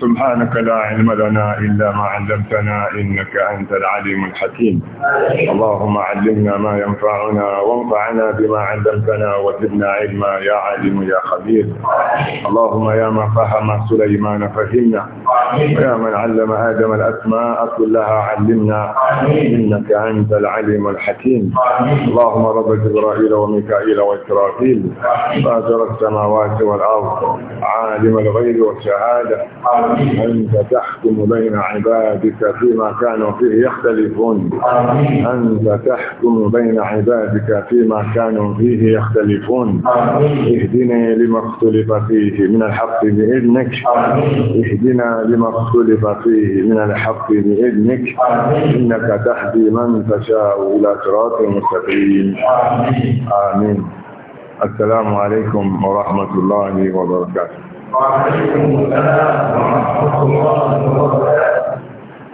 سبحانك لا علم لنا إلا ما علمتنا إنك أنت العليم الحكيم اللهم علمنا ما ينفعنا وانفعنا بما علمتنا وزدنا علما يا عليم يا خبير اللهم يا من فهم سليمان فهمنا ويا من علم آدم الأسماء كلها علمنا إنك أنت العليم الحكيم اللهم رب جبرائيل وميكائيل وإسرافيل فاجر السماوات والأرض عالم الغيب والشهادة أنت تحكم بين عبادك فيما كانوا فيه يختلفون أنت تحكم بين عبادك فيما كانوا فيه يختلفون اهدنا لما اختلف فيه من الحق بإذنك اهدنا لما اختلف فيه من الحق بإذنك إنك تهدي من تشاء إلى صراط مستقيم آمين السلام عليكم ورحمة الله وبركاته وعليكم السلام ورحمة الله وبركاته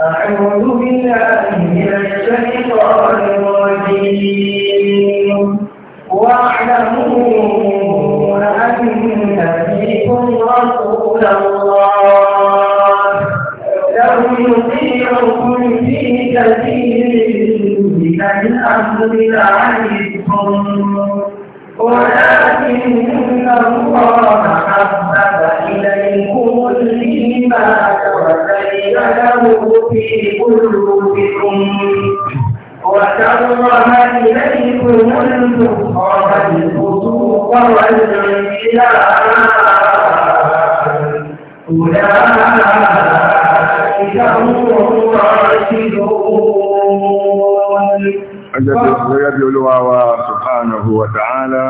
أعوذ بالله من الشيطان الرجيم واعلموا أن فيكم رسول الله لو يطيعكم في كثير من الأمر لعنتم ولكن الله حب إليكم الإيمان وزينه في قلوبكم وكره إليكم الكفر والفسوق والعصيان أولئك هم الراشدون. أجل الزياد الأولى سبحانه وتعالى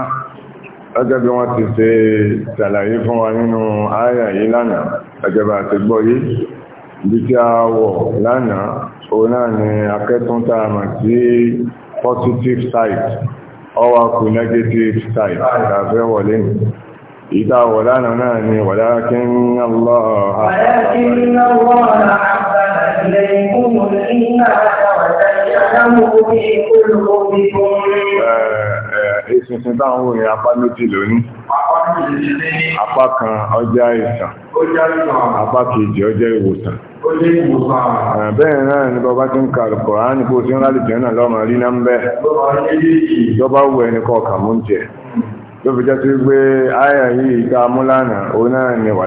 gẹ́gẹ́ bí wọ́n ti ṣe ṣàlàyé fún wa nínú àyà yìí lánàá ẹgbẹ̀bà ti gbọ́ yìí bí tí a wọ̀ lánàá o náà ni akẹ́tún tààmà sí positive side ọwà kù negative side tààfẹ́ wọlé ní ìta wọ̀ lánàá náà ni walakin Allah Ìṣinṣin táwọn òyìn apá méjì lónìí. Apá kan ọjá ìsàn. Apá kejì ọjá ìwòsàn. Bẹ́ẹ̀ náà ní bọba tí ń ka Kùránì kó tí ń rálì jẹ́ náà lọ́mọ rí náà ń bẹ́. Ìjọba wù ẹni kọ̀ọ̀kan mú jẹ. Ló fi jẹ́ sí pé áyà yìí ká mú lánàá, ni wà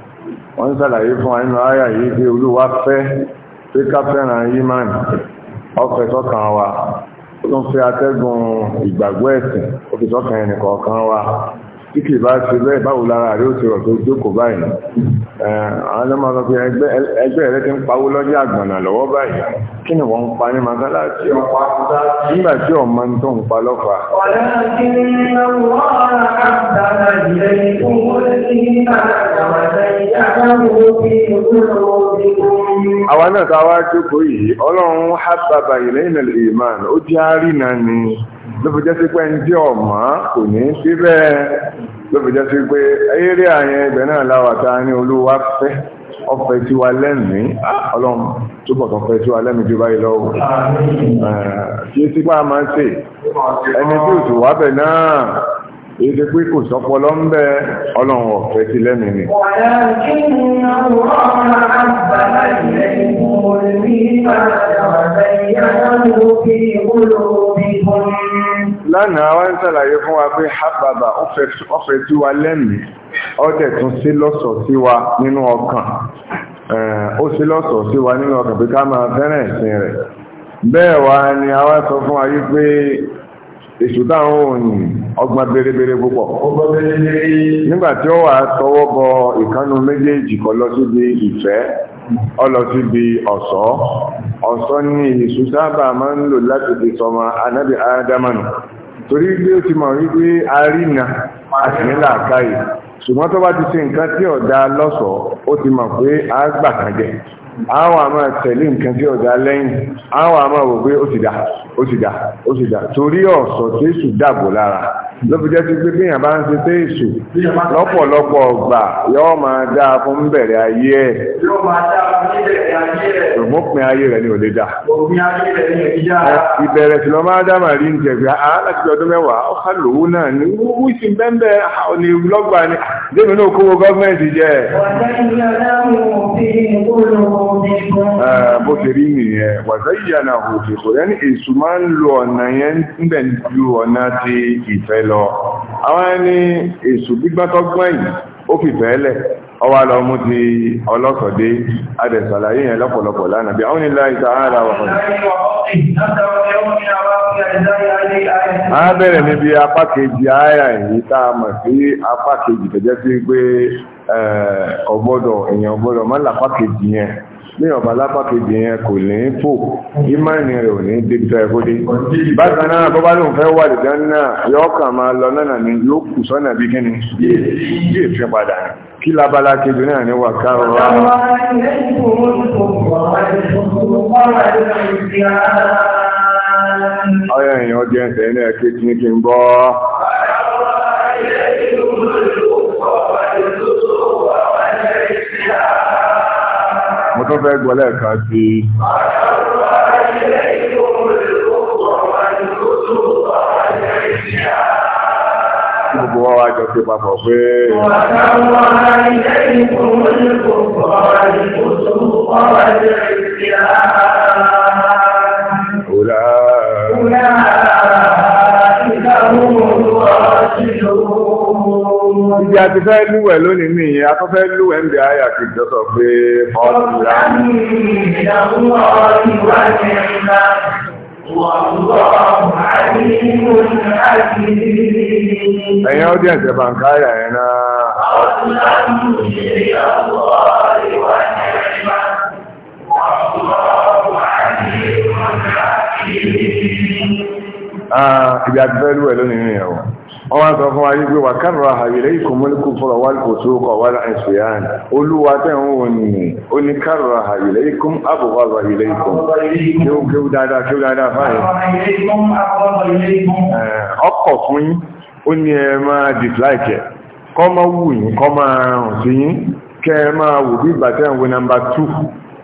wọ́n ń sàlàyé fún àínú ayà yìí pé olúwa fẹ́ pé ká fẹ́ràn yíman ọfẹ́ sọ́kàn wa ó tún fẹ́ atẹ́gùn ìgbàgbọ́ ẹ̀sìn ó fi sọ́kàn ẹnì kọ̀ọ̀kan wa tí kìí bá ṣe bẹ́ẹ̀ báwo lára rẹ̀ ó ti rọ̀ tó jókòó báyìí àwọn ọmọ ọmọ fi ẹgbẹ́ rẹ̀ ti ń pawó lọ́jọ́ àgbọ̀nà lọ́wọ́ báyìí kí ni wọ́n ń pa ní magala tí ó pa nígbà tí ó máa ń tó ń pa lọ́fà. àwa náà jókòó yìí ọlọ́run hábàbà ìlẹ́yìn ìmọ̀ ó jẹ́ àrínà ni. ló fi jẹ́ sí pé ẹni tí ọ̀mọ́ kò ní sí bẹ́ẹ̀ ló fi jẹ́ sí pé eré àyẹn ibẹ̀ náà láwà tá a ní olúwa fẹ́ ọ̀fẹ́ tí wa lẹ́mìí ah, ọlọ́run túbọ̀ tó fẹ́ tí wa lẹ́mìí ju báyìí lọ́wọ́ eh, kí é sí pé a máa ń ṣe ẹni tí òtù wá bẹ̀ náà èyí pé kò sọ́pọ̀ lọ́ńbẹ́ ọlọ́run ọ̀fẹ́ ti lẹ́mìí ni. ṣàlàyé fún wa pé hábàbà ọ̀fẹ́ tí wa lẹ́mìí ọ̀dẹ̀ tún sí lọ́sọ̀ sí wa nínú ọkàn ó sí lọ́sọ̀ sí wa nínú ọkàn pé ká máa fẹ́ràn ẹ̀sìn rẹ̀ bẹ́ẹ̀ wá ni a wá sọ fún wa yí pé èṣù táwọn òyìn ọgbọ́n berebere púpọ̀ nígbà tí ó wà tọwọ́ bọ ìkánu méjèèjì kọ lọ síbi ìfẹ́ ọ lọ síbi ọ̀ṣọ́ ọ̀ṣọ́ ni èṣù sábà máa ń lò láti fi sọmọ anábì ádámánù torí bí ó ti mọ̀ wípé arínà àtìnílà àkáyè ṣùgbọ́n tó bá ti ṣe nǹkan tí ọ̀dà lọ́sọ̀ọ́ ó ti mọ̀ pé a gbà kan jẹ àwọn àmọ́ tẹ̀lé nǹkan tí ọ̀dà lẹ́yìn àwọn àmọ́ wò pé ó ti dà ó ti dà ó ti dà torí ọ̀sọ̀ tí èṣù dàbò lára ló fi jẹ́ sí pé bí èèyàn bá ń ṣe sí èṣù lọ́pọ̀lọpọ̀ ọgbà yóò máa dá a fún bẹ̀rẹ̀ ayé ẹ̀ òmùpin ayé rẹ̀ ni ò lè dà ìbẹ̀rẹ̀ sí lọ́mọ ádámà rí ń jẹ̀bi láti ọdún mẹ́wàá ọ̀ká lòwú náà ní wú sí bẹ́ẹ̀ ní lọ́gbà ni débi náà kówó gọ́ọ̀mẹ̀ntì jẹ́ bó ṣe rí nìyẹn wàtá ìyànà òfìfò yẹn ní èṣù máa ń lo ọ̀nà yẹn ń bẹ̀ ju ọ̀nà ti ìfẹ́ lọ lọ àwọn ẹni èṣù gbígbátọ́gbọ́n yìí ó fìfẹ́ lẹ̀ ọwá lọ mú ti ọlọ́sọ̀dé adẹ̀sàlàyé yẹn lọ́pọ̀lọpọ̀ lánàá bí àwọn ilẹ̀ ìta ààrà ní ọ̀bà lápá yẹn kò ní fò ìmáìnì rẹ̀ ò ní débi tó bákan náà bó bá lóun fẹ́ wà lìdán náà yóò kàn máa lọ náà ní yóò kù sọ́nà bí kíni yóò fi padà kí labala kejì náà ní wàká ọ̀rọ̀ ọ̀yọ̀ èèyàn jẹ́ fẹ́ gbọ́ lẹ́ẹ̀kan sí i. Gbogbo wa wá jọ sí papọ̀ pé. Òlà. Òlà. Ìgbà wo wọ́n ti lò ibi àti fẹ́ lúwẹ̀ lónìí ní ìyẹn a tó fẹ́ lúwẹ̀ ń bẹ àyà kì í jọ́sọ̀ pé ọ̀dùnlá. ẹ̀yin ọdí ẹ̀jẹ̀ bàǹkà àyà yẹn náà. ọ̀dùnlá ń ṣe ìyàwó ìwà ìrìnà. Ah, ibi àti fẹ́ lúwẹ̀ lónìí ní ìyẹn wọ̀. wọ́n wá sọ fún wa wípé wà kárọ̀ àhàyèrè ìkòmọ́lẹ́kù fọ́rọ̀ wà kò wà láìsùyàn olúwa tẹ̀wọ̀n wò ní ó ní kárọ̀ àhàyèrè ìkòm kéwù dáadáa kéwù dáadáa fáyẹ̀. ọkọ̀ fún ó ní ẹ máa dislike kọ́ máa wù yín kọ́ máa sí yín kẹ́ máa bí ìgbà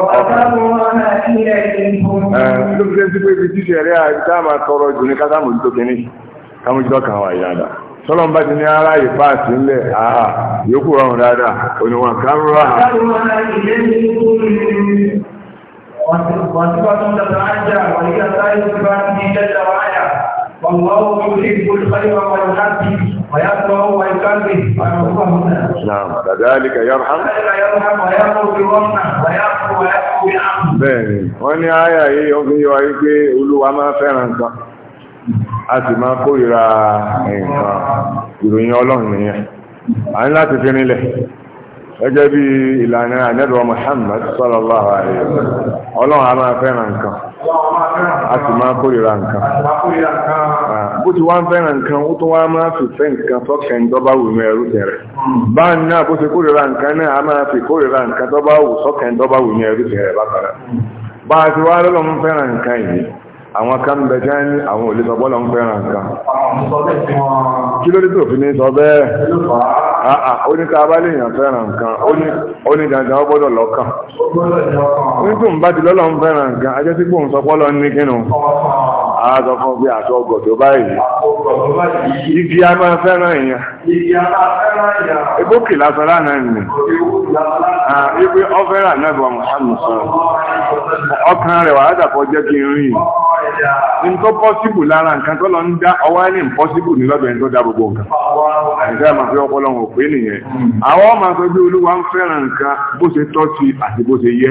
ló fi sí pé ibi títí ẹ̀rẹ́ àìsá máa tọrọ jù ní kásàmù tó kìíní kámójútọ́ kan wà bá ti ní ara ìfà sí ńlẹ̀ àà yókù rọrùn dáadáa oníwọ̀n kárúrà Wàtíwàtún ويقرأ ويكلم ويرحمنا نعم كذلك يرحم كذلك يرحم ويقرأ برحمة ويقرأ ويقرأ بعمل بẹ́ẹ̀ni wọ́n ní àyà yìí ó fi yọ ayé pé olúwa máa fẹ́ràn nǹkan a sì máa kórìíra nǹkan ìròyìn ọlọ́run nìyẹn a ní láti fi rinlẹ̀ gẹ́gẹ́ bí ìlànà àdẹ́dùwà Muhammad sallallahu alaihi wasallam ọlọ́run a máa fẹ́ràn nǹkan a sì máa kórìíra nǹkan bó ti wá ń fẹ́ràn nǹkan ó tó wá máa fi fẹ́ nǹkan tọ́kẹ̀ ń dọ́bá wù mí ẹrú tẹ̀rẹ̀ bá ń náà bó ti kórìíra nǹkan náà a máa fi kórìíra nǹkan tọ́bá wù sọ́kẹ̀ ń dọ́bá wù mí ẹrú tẹ̀rẹ̀ bákàrà bá a ti wá lọ́lọ́ ń fẹ́ràn nǹkan yìí àwọn kan bẹ jẹ́ ní àwọn òlè sọ bọ́lọ̀ ń fẹ́ràn nǹkan kí ló dé tó fi ní sọ bẹ́ẹ̀ àà ó ní ká bá lè yàn fẹ́ràn nǹkan ó ní dandan ó gbọ́dọ̀ lọ́kàn ó ní tó ń bá ti lọ́lọ́ ń fẹ́ràn nǹkan ajẹ́ sí pòun sọ ní kínú àádọ́ fún bí àtọ́ ọgọ̀dọ̀ báyìí ibi a máa fẹ́ràn èèyàn ebó kì lásán lánàá nìyẹn ibi ọfẹ́ràn náà bọ̀ mọ̀sánù sọ̀rọ̀ ọkàn rẹ̀ wà látàkọ́ jẹ́ kí n rí yìí nǹkan pọ́síbù lára nǹkan tó lọ ń dá ọwọ́ ní pọ́síbù ní lọ́dọ̀ ẹni tó dá gbogbo nǹkan àìsí àmà fi ọpọlọ wọn ò pé nìyẹn àwọn ọmọ akẹgbẹ́ olúwa ń fẹ́ràn nǹkan bó ṣe tọ́ sí àti bó ṣe yẹ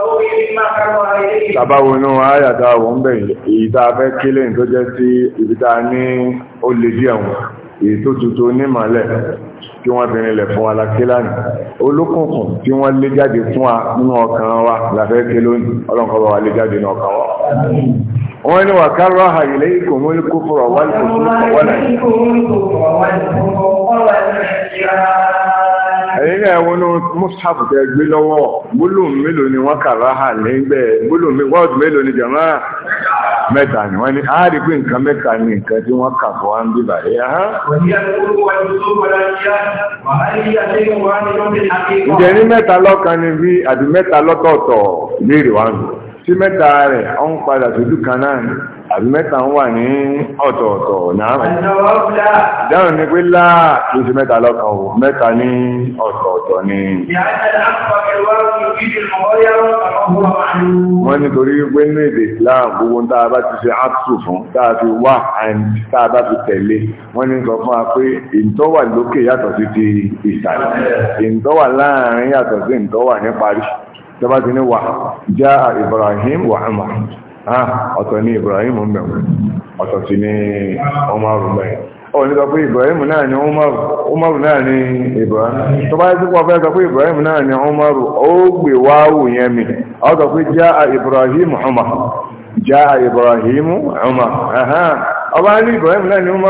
tàbáwo inú ayàtà àwọn ọ̀bẹ̀ èyí tá a fẹ́ kílẹ̀ tó jẹ́ sí ibi tá a ní ó lè díẹ̀ wọn èyí tó tuntun onímọ̀lẹ̀ tí wọ́n fi rinlẹ̀ fún wa lákè lánìí olókùnkùn tí wọ́n lé jáde fún wa nínú ọkàn wa làfẹ́ ké lónìí ọlọ́nkọ́ bá wa lé jáde nínú ọkàn wa. wọ́n ní wà ká rọ́ àyè lẹ́yìn kò mú kó fọ̀rọ̀ wá lẹ́yìn kò fọ̀rọ̀ wá lẹ́yìn. ẹ̀wọ̀n mọ́sáàfù tẹ gbé lọ́wọ́ gbólóhùn mélòó ni wọ́n kà ráhà lẹ́gbẹ́ gbólóhùn wọ́ọ̀dù mélòó ni jàmá mẹ́ta ni wọ́n ní á pé nǹkan mẹ́ta ni nǹkan tí wọ́n kà fún wa ǹjẹ́ ní mẹ́ta ni bí kan náà àbí mẹ́ta ń wà ní ọ̀tọ̀ọ̀tọ̀ náà dáhùn ní pé láà ló ṣe mẹ́ta lọ́kàn ò mẹ́ta ní ọ̀tọ̀ọ̀tọ̀ ni wọ́n nítorí pé ní èdè Islam gbogbo ń tàbá ti ṣe ápsù fún tàbí wà and tàbá ti tẹ̀lé wọ́n ní sọ fún wa pé ìntọ́wà lókè yàtọ̀ sí ti ìsàlẹ̀ ìntọ́wà láàrin yàtọ̀ sí ìntọ́wà ní parí tọ́bá ti ní wà já Ibrahim wà Ah, ọ̀tọ̀ ni Ibrahim ọ̀tọ̀ ni mẹ́rin Ibrahim náà ni Umaru náà ni Ibrahim tó bá sí pọ̀ fẹ́ Ibrahim náà ni Umaru ó wáwù yẹn mi ọ já a Ibrahim Umar já Ibrahim ọba ní Ibrahim náà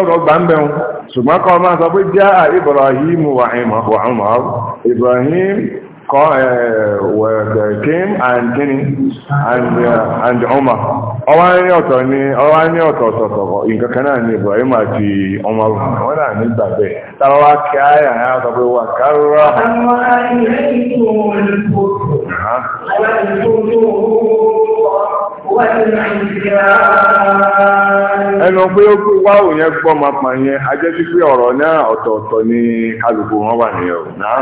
ni Uh, Kim and Kini and uh, and Omar. Ọwá ní ọ̀tọ̀ ní ọwá ní ọ̀tọ̀ ọ̀tọ̀ọ̀tọ̀ ìkankan náà ní Ibrahim àti Omar. Wọ́n náà ní ìgbàgbẹ́. Tàbí wá kí áyà náà sọ pé wà kárọ̀. Àwọn ilé ìtò ẹnu pé ó wá òun yẹn gbọ́ máa pa yẹn a sí pé ọ̀rọ̀ náà ọ̀tọ̀ọ̀tọ̀ ni kálukú wọn wà nìyẹn o náà.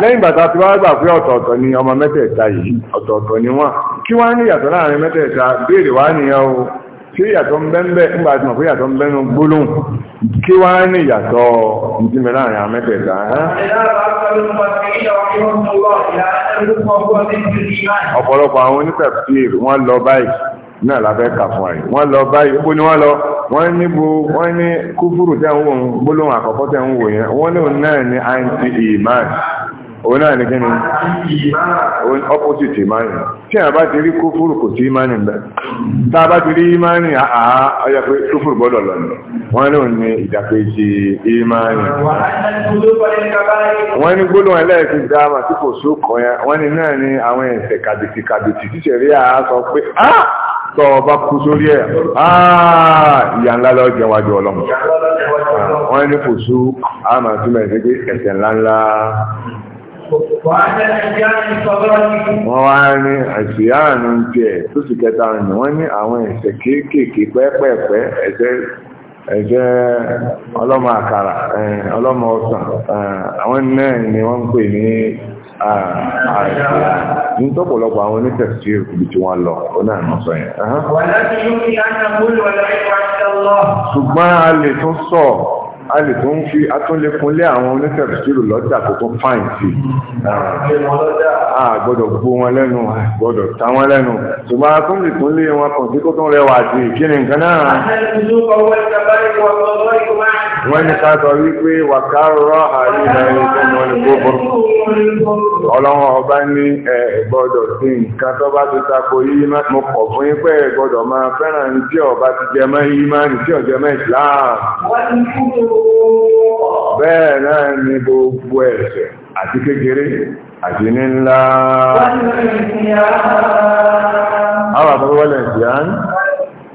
lẹ́yìn bàtà tí wọ́n gbà pé ọ̀tọ̀ọ̀tọ̀ ni ọmọ mẹ́tẹ̀ẹ̀ta yìí ọ̀tọ̀ọ̀tọ̀ ni wọ́n kí wọ́n á ní ìyàtọ̀ láàrin mẹ́tẹ̀ẹ̀ta béèrè wá nìyẹn o. ṣé ìyàtọ̀ ń bẹ ń bẹ ńgbà tí mọ̀ pé ìyàtọ̀ ń bẹ nínú gbólóhùn kí wá ní ìyàtọ̀ ìdímẹ̀ láàrin àmẹ́tẹ̀ẹ̀ta. ọ̀pọ̀lọpọ̀ àwọn onítẹ̀fíìr wọ́n lọ báyìí náà lábẹ́ kà fún àyè wọ́n lọ báyìí ó ní wọ́n lọ wọ́n níbo wọ́n ní kúfúrù tẹ́ ń wò ń gbólóhùn àkọ́kọ́ tẹ́ ń wò yẹn wọ́n ní òun náà ní kí ni opposite imani tí a bá ti rí kúfúrù kò sí imani bẹ́ẹ̀ tá a bá ti rí imani àá ọjà pé kúfúrù gbọ́dọ̀ lọ nù wọ́n ní òun ní ìdàkejì imani. wọ́n ní gbólóhùn ẹlẹ́ẹ̀kí dáhàmà tí kò sóò kọ́ yẹn wọ́n ní náà ní àwọn ẹ̀sẹ̀ kàbìtì kàbìtì tíṣẹ̀ rí àá sọ pé áà tọ́ ọba kú sórí ẹ̀ ìyà ńlá lọ jẹ wájú ọlọ́run wọ́n ní kò sú àmà túmọ̀ ìdíje ẹ̀sẹ̀ ńláńlá Wọ́n wá ní àṣìyá àánú jẹ́ tó sì kẹta ọ̀nà wọ́n ní àwọn ẹ̀ṣẹ̀ kéékèèké pẹ́pẹ̀ẹ̀pẹ́ ẹ̀ṣẹ̀ ọlọ́mọ àkàrà, ọlọ́mọ ọ̀sán, àwọn náà ni wọ́n ń pè ní àṣìyá. Ní tọ́pọ̀lọpọ̀ àwọn onítẹ̀sí ibi tí wọ́n lọ, ó náà mọ̀ sọ yẹn. Ṣùgbọ́n a lè tún sọ a lè tó ń fi atúnlẹ̀kúnlé àwọn onítẹ̀síìrù lọ́jà tó tó fáìn sí a gbọ́dọ̀ gbó wọn lẹ́nu gbọ́dọ̀ ta wọn lẹ́nu ṣùgbọ́n atúnlẹ̀kúnlé wọn kàn sí kó tó rẹwà sí kí ni nǹkan náà wọ́n ní ká sọ wípé wàkárọ̀ àríwá ẹ̀kọ́ ìgbóbọ̀ ọlọ́wọ́n ọba ní ẹ gbọ́dọ̀ sí nǹkan tó bá ti tako yí mo kọ̀ fún yín pé ẹ gbọ́dọ̀ máa fẹ́ràn tí ọba ti jẹ mọ́ yí máa ní tí ọjọ́ mọ́ bẹ́ẹ̀ náà ni gbogbo ẹ̀ṣẹ̀ àti kékeré àti ní ńlá. Àwọn àbúrò wọlé ìdíyàn.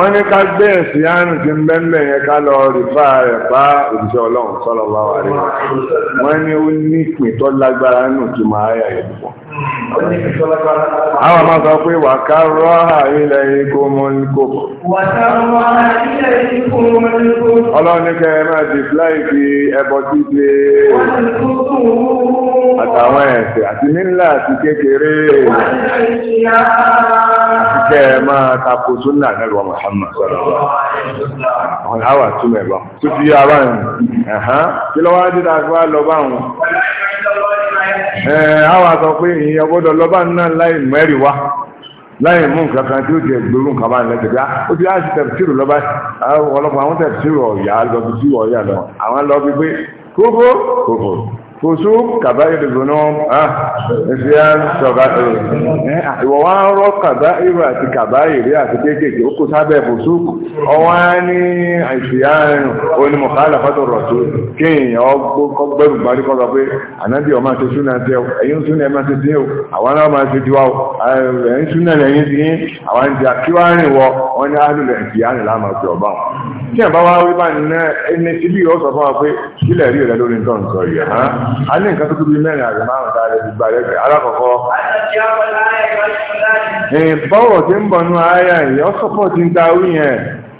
wọ́n ní ká gbé ẹ̀sìn àánú ti ń bẹ́ńbẹ̀ yẹn ká lọ rìfà rẹ̀ bá òṣìṣẹ́ ọlọ́run sọ́lọ́ bá wà wọ́n ní ó ní ìpín tó lágbára nù tó máa yà yẹn Àwọn máa sọ pé wà ká rọ́hà ilẹ̀ ikú mọ́líkò. Wà ká rọ́hà ilẹ̀ ikú mọ́líkò. Ọlọ́run ní kẹ́ máa fi ẹbọ títí. Àtàwọn ẹ̀sẹ̀ àti àti kékeré. máa tako súnà náà lọ́wọ́ Mùhàmmad sọ̀rọ̀ wa. Àwọn àwà túmẹ̀ bá. Tó fi yá báyìí. Kí lọ́wọ́ á dídá fún báwọn. àwọn eh, àtọ̀ pé ìyẹn gbọ́dọ̀ lọ́bà náà láì mẹ́rì wá láì mú nǹkan kan tí ó ti ẹgbẹ̀rún kan bá nílẹ̀ tẹ̀gbá ah, ó ti láti ah, ọlọ́pàá àwọn ọ̀yà ọ̀yà lọ àwọn fosu kaba ìrìnnà ah ẹsẹ sọba ìwọ wa ń kaba ìrì kaba ọ ti o àwọn náà ma ti díwá o ẹ̀yin súnà lẹ́yìn ti yín àwọn ti àkíwárìn wọ wọn ní àlùlẹ̀ ìsìyàn láàmà fi ọba wọn. tí wípé ẹni sọ fún wa pé kílẹ̀ rí rẹ lórí nǹkan a n'i nǹkan tó tóbi mẹ́rin àti márùn-ún tá a lè fi gbà lẹ́gbẹ̀ẹ́ alákọ̀ọ́kọ́. bọ́wọ̀ tí ń bọ̀ nú ayé yìí ọ́ sọ́pọ̀ tí ń ta yẹn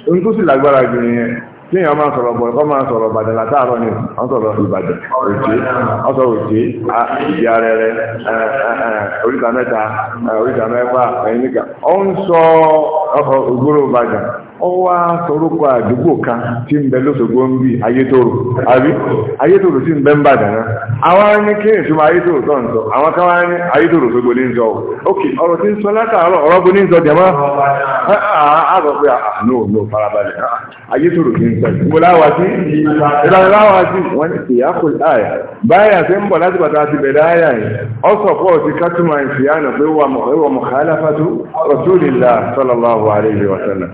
ohun tó sì lágbára jù yẹn tí èèyàn máa sọ̀rọ̀ bọ̀ ẹ̀kọ́ máa sọ̀rọ̀ látàárọ̀ ni wọ́n sọ̀rọ̀ Ìbàdàn òjé wọ́n sọ̀rọ̀ òjé rẹ̀ oríta mẹ́ta oríta mẹ́fà ẹ̀yìn ó wá sorúkọ àdúgbò kan tí ń bẹ lóṣogbo ń bí ayétòrò àbí ayétòrò tí ń bẹ ń bà dáná àwọn ní kí èsì máa ayétòrò tó ń sọ àwọn kan ní ayétòrò sógbó ní ń ok ọ̀rọ̀ tí ń sọ látàárọ̀ ọ̀rọ̀ bó ní ń sọ jẹmọ́ àbọ̀ pé àánú òun farabalẹ̀ ayétòrò tí ń sọ ìgbò láwà sí ìlànà láwà sí wọn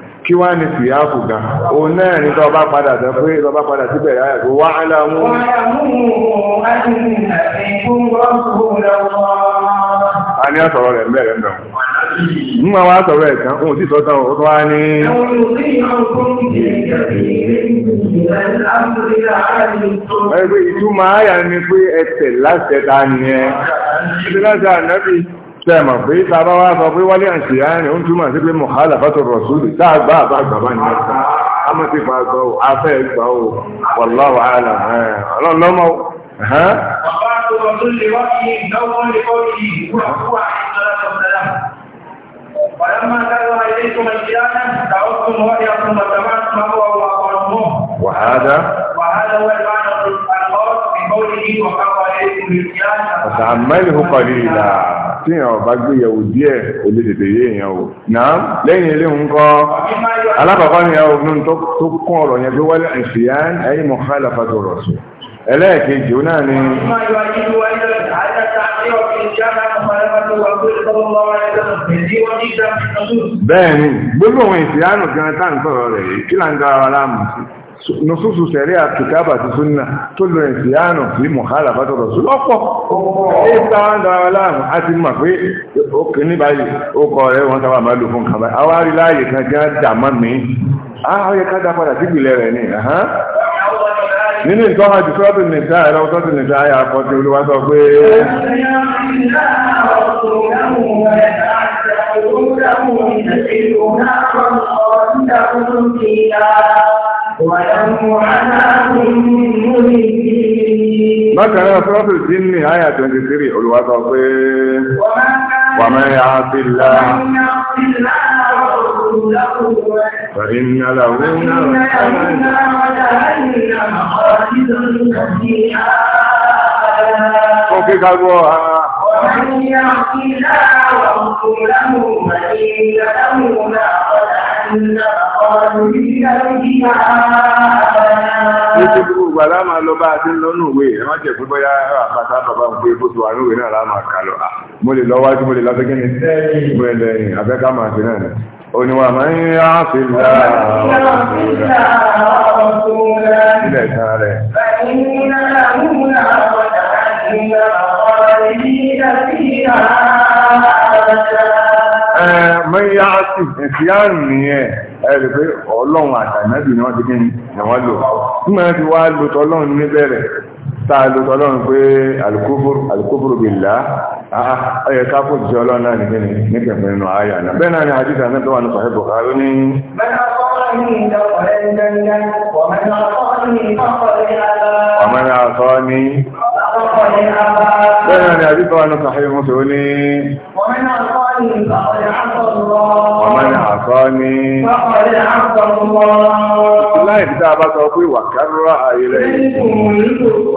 ti kí wá ní fìyàfù gan o náà ní tọ́ bá padà tẹ́ pé tọ́ bá padà sí bẹ̀rẹ̀ ayàtò wá aláàmú a ní àsọ̀rọ̀ rẹ̀ mẹ́rẹ̀ mẹ́rẹ̀ ń ma wá sọ̀rọ̀ ẹ̀ tán òun sì sọ tán òun tó wá ní ẹgbẹ́ ìtumọ̀ ayà ni pé ẹsẹ̀ láti ẹ̀ta nìyẹn ìdílásẹ̀ ànábì سلام ربي تعبا واسا ولي عشي يعني انتو ما تبلي مخالفة الرسول تعبا بقى بقى كبان نفسك اما تفاقوا عافية اكبروا والله عالم ها الله الله مو ها وقعت وقل لوحي نوم لقوله هو هو عند لا تبن له هو وقرموه وهذا وهذا هو àtàmẹ́lìkù kọ̀lì ìlà tí èèyàn ọba gbéyàwó díẹ̀ ò lè tètè yé èèyàn o náà lẹ́yìn ilé ń kọ́ alákọ̀ọ́kọ́ ni àwọn obìnrin tó kún ọ̀rọ̀ yẹn pé wálé ìfìyàn ẹ̀yìn mọ̀kálà fàtọ̀rọ̀ sùn ẹlẹ́ẹ̀kejì ó náà ni bẹ́ẹ̀ gbogbo àwọn ìfìyàn kan tá à ń sọ̀rọ̀ rẹ̀ yìí kí là ń dára wa láàmú sí nùsùsù sẹ̀rí àtìkábà ti súnà tó lọ ìsìyànù sí mùhálà fátọ̀rọ̀ sí lọ́pọ̀ èyí sáńdà aláàmù á ti mọ̀ pé òkè ní báyìí ó kọ ọ̀rẹ́ wọn sábà máa lò fún kàbá àwa rí láàyè kan jẹ́ dàmọ́ mi ààyè ká dá padà sí ìpìlẹ̀ rẹ̀ ni nínú ìtọ́ àti sọ́ọ̀tù nìta ẹ̀rọ sọ́ọ̀tù nìta ayà àkọ́tí olúwa sọ pé Thank you. Bákan náà sọ́tù sí ní àyà 23 Olúwa sọ pé wà mẹ́rin á sí lá. فإن له Òkè kagbọ́ ara. Wọ́n ni àwọn ilá àwọn òkúrẹ́mù mẹ́rin ìjọdá mú náà ọ̀dá. Ní ti gbogbo ìgbà láàmà lọ bá a ti ń lọ nù wé, ẹ má jẹ́ pé bóyá àpáta bàbá ń gbé bó ti wà ní òwe náà láàmà kà lọ. Mo lè lọ wájú, mo lè lọ sí kí ni? Mo lè lẹ́yìn, àbẹ́ká máa ti náà ni. Oníwà máa ń yá sí láàá. Ilẹ̀ ìtàn rẹ̀. Ìlànà mẹ́yà sí ìfìyàrùn nìyẹn ọlọ́run ni wọ́n ti kí ni wọ́n lò nígbà tí wá lò tọ́lọ́run níbẹ̀rẹ̀ tá a lò tọ́lọ́run pé alukóbòrò bìlá ọyẹ káfò jẹ́ ọlọ́run náà Bẹ́ẹ̀rẹ̀ ni àbíkọ́ wa ní sàáyé mú tó ní ọmọdé àkọ́ ní láì fi dáa bá sọ pé wà kárọ́ àìrẹ̀ ìlú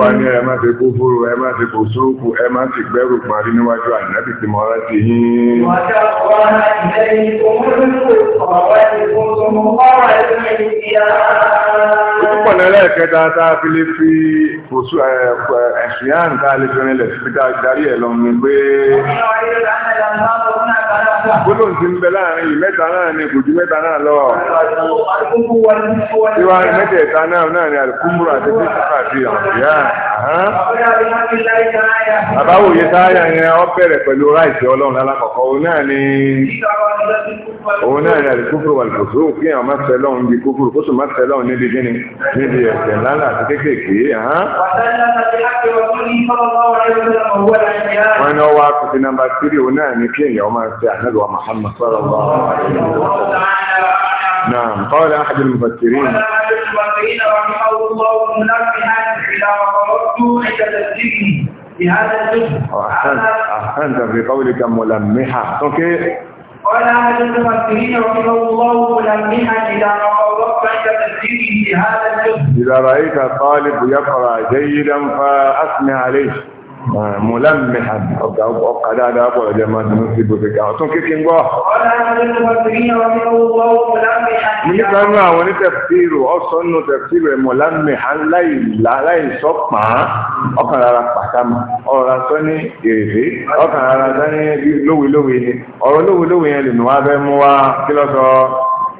wa ní ẹ má ti kó fóró ẹ má ti kó sóòkù ẹ má ti gbẹ́rù parí níwájú ànábì tí mọ́ra ti yín. Wọ́n jẹ́ ọ̀rọ̀ àìlẹ́yìn tó mú ní kò sọ̀rọ̀ ẹ̀ púpọ̀ náà lẹ́ẹ̀kẹta tá a fi lè fi òṣù ẹ̀ṣùyàn tá a lè fi rinlẹ̀ sí ká darí ẹ̀ lọ́n mi pé gbọ́dọ̀ ti ń bẹ láàrin yìí mẹ́ta náà ni kò ju mẹ́ta náà lọ. Ìwà mẹ́tẹ̀ẹ̀ta náà náà ni àlùkùmùrù àti fífúnra àti àmọ̀díyà. Bàbá wòye táyà yẹn ọ bẹ̀rẹ̀ pẹ̀lú ráìsì ọlọ́run lálákọ̀ọ́kọ́. Òun náà ni òun náà ni àlùkùmùrù àlùkùsù kí àwọn máa fẹ́ lọ́run níbi ẹ̀sẹ̀ ńláńlá àti kéékèèké. wọ́n ní ọwọ́ akùnfí nàmbà tírì òun náà ní kí èèyàn máa ṣe ànábìwá Muhammad sọ̀rọ̀ wá. نعم قال أحد المفسرين قال أحد المفسرين رحمه الله ملمحا إلى وقرته عند تسجيله بهذا الجزء أحسنت أحسنت في قولك ملمحا أوكي قال أحد المفسرين رحمه الله ملمحا إذا نقرب عند في هذا الجزء إذا رأيت الطالب يقرأ جيدا فأثني عليه ملمحا وقد ابو لما تنصب بك اتون كيف نغوا من كان هو تفسير او سن تفسير ملمحا لا لا يسقط ọkàn rárá pàtàmà ọ̀rọ̀ sọ ní èrèfé ọkàn rárá sọ lówelówe ni ọ̀rọ̀ lówelówe yẹn lè nù wá mú wá kí lọ́sọ̀ọ́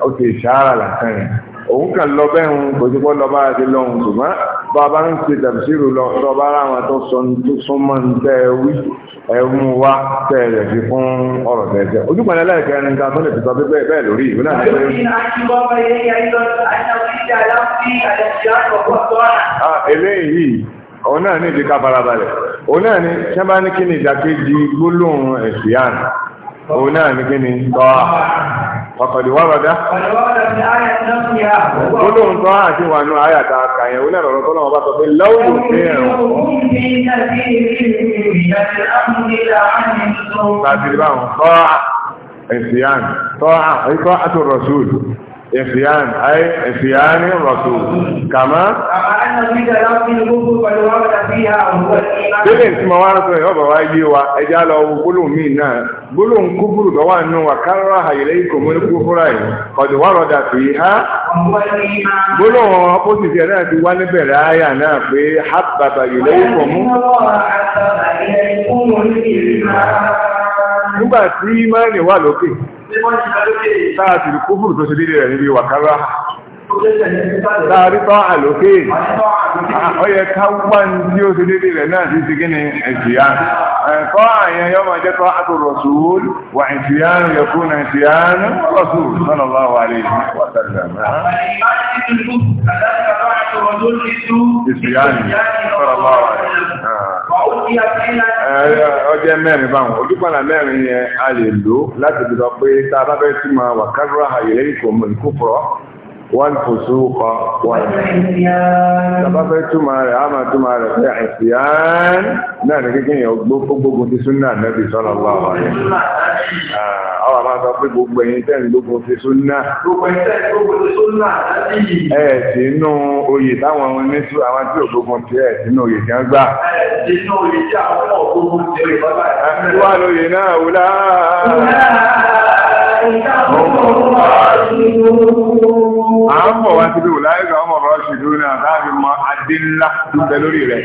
ó ti ṣàárà lásán yẹn òun kàn lọ bẹ́ẹ̀ ń kojú kó lọ́ba àti lọ́hùn ṣùgbọ́n bàbá ń ṣe tàbísírù lọ lọ́ba aráwọn tó sọ tó súnmọ́ ń tẹ́ ẹ wí ẹ̀mú wa tẹ́ ẹ lè fi fún ọ̀rọ̀ tẹ̀sẹ̀ ojú pẹ̀lú ẹlẹ́ẹ̀kẹ́ ni ká tó lè fi sọ pé bẹ́ẹ̀ bẹ́ẹ̀ lórí ìwé náà ní pé. Ah, eléyìí òun náà ní ìdíkà farabalẹ̀ òun náà ní sábà ni ìdàkejì gbólóhùn ẹ̀sìn àná òun náà ní kíni tọ́ à ọkọ̀dé wà bàdá. gbólóhùn tọ́ àti wà nù ayà tá a kà yẹn òun náà lọ́rọ̀ tọ́lọ́ wọn bá sọ pé lọ́wọ́ sí ẹ̀rọ. tàbí báwọn tọ́ à ẹ̀sìyàn tọ́ à ẹ̀sọ́ àtúrọ̀sùl ẹ̀sìyàn ayé ẹ̀sìyàn rọ̀sùl kàmá. Bílẹ̀ tí ma wá ń sọ ìhọ́bà wá yé wa, ẹjá lọ wo gbólóhùn míì náà, gbólóhùn kúfúrù tó wà nínú wa kárọ̀ àyẹ̀lẹ́ ikọ̀ mú ní kúfúrà yìí, ọ̀dọ̀ wá rọ̀dà pé ha. Gbólóhùn ọpọ́sìtì náà ti wá níbẹ̀rẹ̀ ayà náà pé ha bàbà yẹ̀lẹ́ ikọ̀ mú. Nígbà tí Márìn wà lókè, Láàrí tán àlòkè, ó yẹ ní tí ó rẹ̀ náà sí ti ni ẹ̀ṣìyá. Ẹ̀kọ́ àyẹn yọ máa jẹ́ wà ń ní ń wà lè mẹ́rin wọ́n fòsú kọ wọ́n tàbá fẹ́ túmọ̀ rẹ̀ a máa túmọ̀ rẹ̀ fẹ́ ẹ̀sìyàn náà ní kíkí yẹn gbogbo ti súnà nẹ́bí sọ́nà bá wà ní ọwọ́ máa sọ pé gbogbo ẹ̀yin tẹ́ ń gbogbo ti súnà ẹ̀ sí inú oyè táwọn oníṣú àwọn tí ògbógbó ti ẹ̀ sínú oyè tí wọ́n gbà wọ́n ah, lóye náà wúlá. À ń bọ̀ wá síbí wò láyé kan ọmọ ọ̀rọ̀ dúró náà láàrin mọ adé ńlá tó bẹ lórí rẹ̀.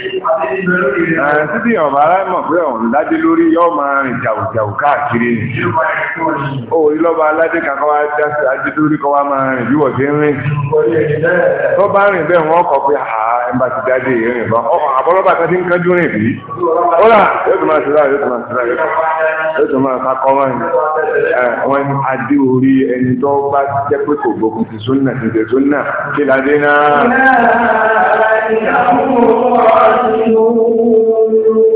títí ọ̀bà aláìmọ̀ pé ọ̀hún ládé lórí yóò máa rìn jàùjàù káàkiri ni. ó ìlọ́ba aládé kankan wá dá sí adé lórí kan wá máa rìn bí wọ́n ti ń rìn. tó bá rìn bẹ́ẹ̀ wọ́n kọ̀ pé àá ẹ̀mbà ti dáadé ìrìn lọ. àbọ̀lọ́bà kan ti ń kánjú rìn bí. ó rà yóò tún máa ṣe láàyè yóò tún máa ṣe láàyè yóò tún wọ́n adé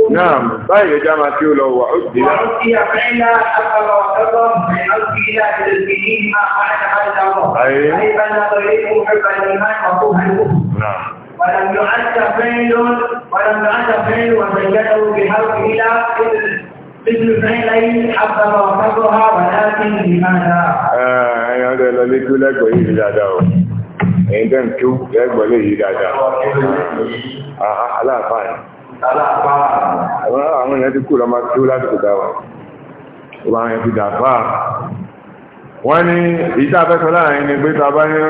نعم طيب يا جماعة كيو لو وعدي لا وعدي فعلا أفر وقضم من أرضي لا تلبيه ما خلق هذا الله أي أن طريقه حب الإيمان وطوح الكفر نعم ولم يعد فعل ولم يعد فعل وزيده بحرف إلى مثل فعلين حب وقضها ولكن لماذا؟ آه هذا اللي تقول لك وإيه ẹ̀yìn tẹ́ ń tó lẹ́gbẹ̀lẹ́ yìí dáadáa aláàfáà ni àwọn èèyàn ti kú lọ́mọ tó láti kò dáwà ó bá yẹn ti dàfà wọ́n ní ìdá afẹ́sọ láàrin ni pé tàbá ní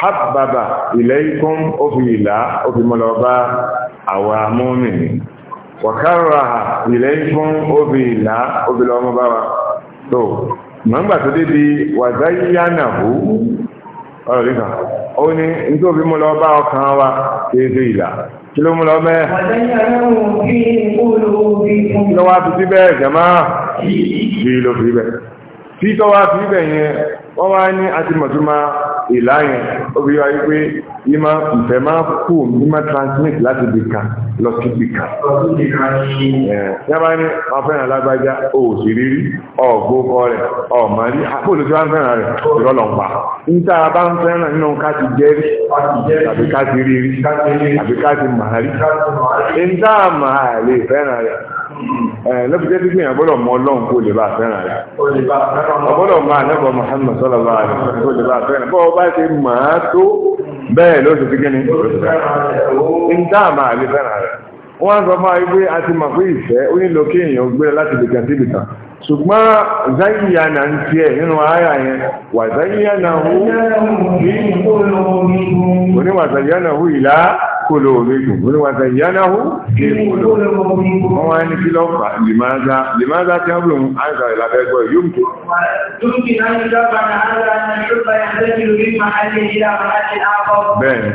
hábàbà ilẹ̀ ikún ó fi ìlà ó fi mọ́lọ bá àwa mọ́mìnì wọ̀kárà ilẹ̀ ikún ó fi ìlà ó fi lọ́mọ bá wa tó mọ́ngbà tó débi wàzáyí yánà ọ̀rọ̀ rí kan ó ní nítorí mo lọ bá ọkàn wa kéde ìlà kí ló mú lọ mẹ́ kí ló wá fi sí bẹ́ẹ̀ jẹ̀má bí ló fi bẹ́ẹ̀ tí tọ́ fi bẹ́ẹ̀ yẹn wọ́n wá ní àti mọ̀túnmá ìlà yẹn obìnrin wa yí pé ima máa ìfẹ́ máa kú yí máa transmit láti bì kan lọ sí bì kan. yábàá ní wọn fẹ́ràn lágbájá o ò sì rírí ọ̀gbó kọ rẹ̀ ọ̀mọ rí àpòlù tí wọ́n fẹ́ràn rẹ̀ ìrọ̀ lọ pa. n tá a bá ń fẹ́ràn nínú ká ti jẹ́ àbí ká ti rí àbí ká ti mà n tá a mà lè fẹ́ràn rẹ̀ lọ́pùtẹ́ pípín àgbọ́dọ̀ mọ ọlọ́run kó lè bá fẹ́ràn rẹ̀ ọgbọ́dọ̀ máa nẹ́bọ̀ Muhammad sọ́lọ́bà rẹ̀ kó lè bá fẹ́ràn bọ́ ọba ṣe máa tó bẹ́ẹ̀ ló ti kíkẹ́ ní ìdá máa lè fẹ́ràn rẹ̀ wọ́n á sọ fún ayé pé a ti mọ̀ pé ìfẹ́ kóló méjùn ó ní wà tẹ̀ yánáhù wọ́n wá ní kí lọ́pàá lèmáza lèmáza tí wọ́n bùn áìsà ìlàbẹ́gbọ́ yóò tó bẹ́ẹ̀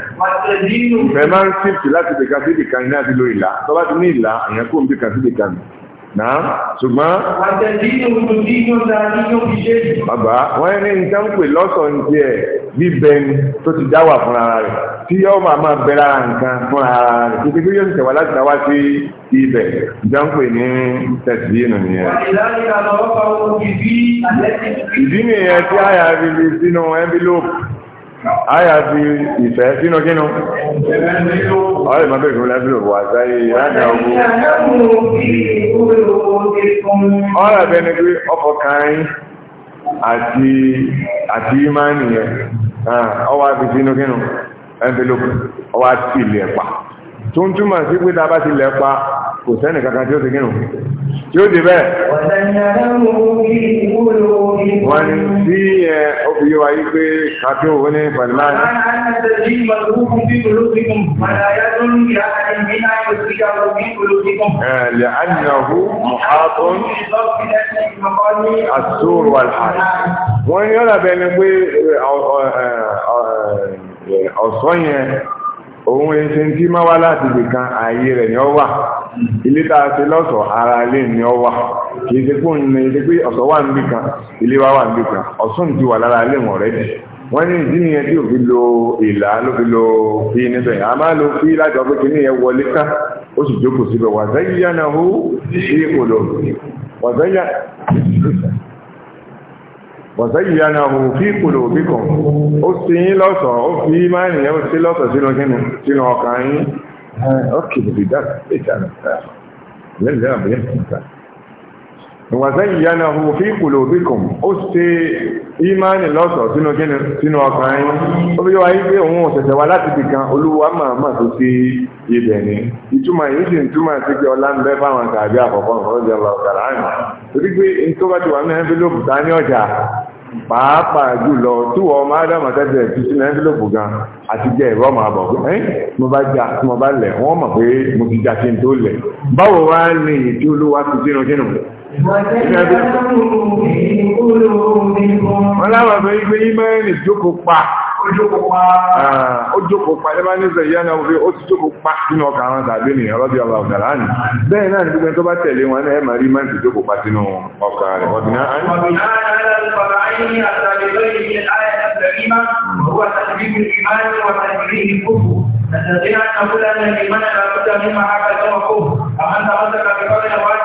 fẹ́ máa ń sípì láti dìkan sí dìkan ní àti lo ìlà tó bá ti ní ìlà èèyàn kó ń dìkan sí dìkan náà ṣùgbọ́n bàbá wọ́n ní ìjọ́ ń pè lọ́sọ̀ọ́ ní ẹ̀ bíbẹni tó ti dáwà fúnra rẹ̀ tí yọ́ máa máa bẹ̀rẹ̀ ara nǹkan fún ara rẹ̀ títí tí yóò tẹ̀wà láti tàwá sí ibẹ̀ jọ́ǹpẹ̀ ní tẹ̀sí inú nìyẹn. ìdí nìyẹn tí àyà fi fi sínú envelope àyà fi ìfẹ́ sínú kínú. ọ̀rẹ́ máa bẹ̀rẹ̀ fún envelope wà sáyé láti ọgbó. ọ̀rẹ́ bẹni pé ọkọ̀ kan àti àti ìmánìyẹn ah, ọwọ́ àti sínú kínú envelope ọwọ́ àti ilẹ̀ pa tó ń túmọ̀ sí pé tá a bá ti lẹ̀ pa kò sẹ́ni kankan tí ó ti gínú tí ó ti bẹ́ẹ̀. wọ́n ní sí ẹ obìnrin wa yí pé kàtó òun ní pàdánù. lè ánìyànjú mọ̀hátún àtúrò àlàyé. wọ́n ní ọ̀làbẹ̀ ni pé ọ̀sọ́ yẹn òun ẹsẹ̀ tí máa wá láti ibìkan ààyè rẹ̀ ni ọ wà ilé tá a ṣe lọ́sọ̀ ara lè ní ọ wà kì í ṣe pé òun ní pé ọ̀sọ̀ wà kan ilé wa wà níbì kan ọ̀sùn ti wà lára ilé wọn rẹ̀ dì wọ́n ní ìdí nìyẹn tí òfin lo ìlà ló fi lo fi níbẹ̀ a máa lo fi láti ọgbẹ́ kí nìyẹn wọlé ká ó sì jókòó síbẹ̀ hó sí ìkòlò wọ̀sẹ́yìnyánahu fi kùlù bí kan ó sì yín lọ́sọ̀ ó fi máàlì yẹn sí lọ́sọ̀ sínú kínú sínú ọkàn yín ọkì bìbí dá ìjà náà lẹ́yìn lẹ́yìn àbúyẹ́ nǹkan wàzẹ́yìnyánahu fi kùlòbíkùn ó ṣe ìmáàni lọ́sọ̀ sínú kíni sínú ọkàn yín ó fi wá yí pé òun òṣèṣẹ̀ wá láti bì kan olúwa màmá tó ṣe ibẹ̀ ni ìtumọ̀ yìí sì ń túmọ̀ sí pé ọlá ń bẹ fáwọn tàbí àkọ́kọ́ nǹkan ó jẹ́ lọ́ọ̀kàrà torí pé ní tó bá ti wà ní ẹnfílópù tá ní ọjà pàápàá jùlọ tí wọ́n máa dámà tẹ́tẹ̀ tí sínú ẹ́ńfílòpù gan àti jẹ́ ẹ̀rọ máa bọ̀ pé mo bá já tí mo bá lẹ̀ wọ́n mọ̀ pé mo ti já kí tó lẹ̀ báwo wá ní èyí tí ti sínú kínú. wọ́n láwọn ọ̀bẹ yí pé yí mẹ́rin jókòó pa ojókòó pa ẹ bá ní sọ ìyá náà wọ́n fi ó ti jókòó pa sínú ọkà àwọn tàbí nìyàn lọ́dí ọba ọ̀dàlá nì bẹ́ẹ̀ náà ní gbogbo tó bá tẹ̀lé wọn náà ẹ máa rí máa ti jókòó pa sínú ọkà rẹ̀ ọdún náà. أن كل من لمن لا بد من محبة وحب أمن تمسك بقول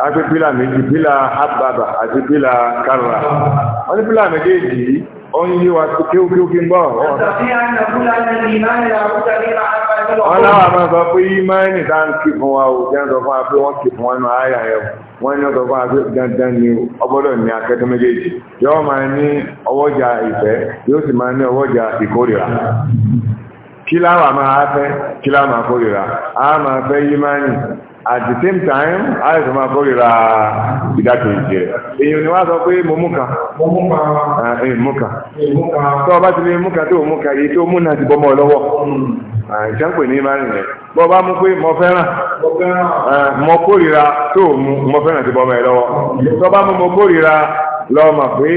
agbé pílà méjì pílà àbàbà àti pílà kàrà wọ́n ní pílà méjèèjì ó ń yí wa kíókíókí ń bọ̀ wọ́n láwà máa sọ pé yí máa ní tá ń kí fún wa o jẹ́ sọ fún wa pé wọ́n kí fún wọn náà àyà ẹ̀ wọ́n ní sọ fún wa pé dandan ni ọgbọ́dọ̀ ní akẹ́kọ̀ọ́ méjèèjì yóò máa ní ọwọ́jà ìfẹ́ yóò sì máa ní ọwọ́jà ìkórìíra kí láwà máa fẹ́ kí láwà máa kórìíra a máa fẹ́ máa ní at the same time ayé tó máa kórìíra ìdákejì rẹ̀ èyí ni wọ́n sọ pé mo mú kan mo mú kan tó o bá ti lè mú kan tó o mú kan èyí tó o mú náà ti bọ́ mọ́ ọ lọ́wọ́ hmm. ìjà ń pè ní ìmánì rẹ̀ bọ́ bá mú pé mo fẹ́ràn mo kórìíra tó o mú mo fẹ́ràn ti bọ́ mọ́ ẹ lọ́wọ́ hmm. tó o bá mú mo kórìíra lọ́ọ̀mà pé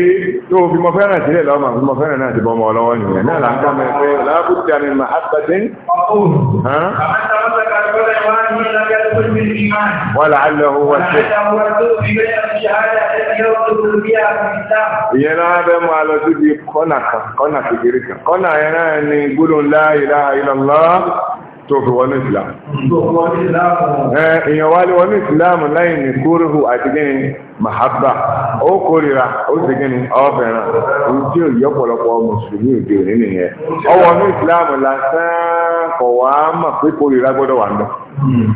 tó fi mọ fẹ́ràn sílẹ̀ lọ́ọ̀mà fi mọ fẹ́ràn náà ti bọ́ ọmọ ọlọ́wọ́ nìyẹn náà là ń kọ́ mẹ́rin pé lábùtí àmì mà á gbàdé. wọ́n là á lọ owó ṣe. ìyẹn náà bẹ́ mú a lọ síbi kọ́nà kan kọ́nà kékeré kan kọ́nà yẹn náà ni gbólóńlá ilaha illallah tó fi wọnú ìsìlámù. èèyàn wá lé wọnú ìsìlámù láì ní kúrúhù àti gíní mahabba ó kórìíra ó sì gíní ọ̀fẹ́ràn ohun tí ò yí mùsùlùmí òde òní nìyẹn ọwọ́ ní ìsìlámù lásán kọ̀ wá mà pé kórìíra gbọ́dọ̀ wà ńbẹ̀. Hmm.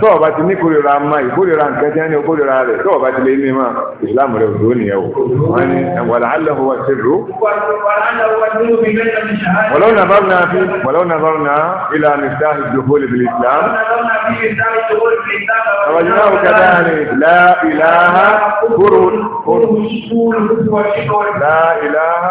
tó o bá ti ní kórìíra ma ìkórìíra nǹkan tí wọ́n ní kórìíra rẹ̀ tó o bá ti lè ní ma ìsìlámù rẹ̀ òdò nìyẹn o. wọ́n ní wàlá aláwọ̀ wá sí ru. wàlọ́ nà bá nà fi wàlọ́ nà bá nà ilà nìta ìdòkó lè bìlì islam. àbájú náà kàdá ni la ilaha kúrò. la ilaha.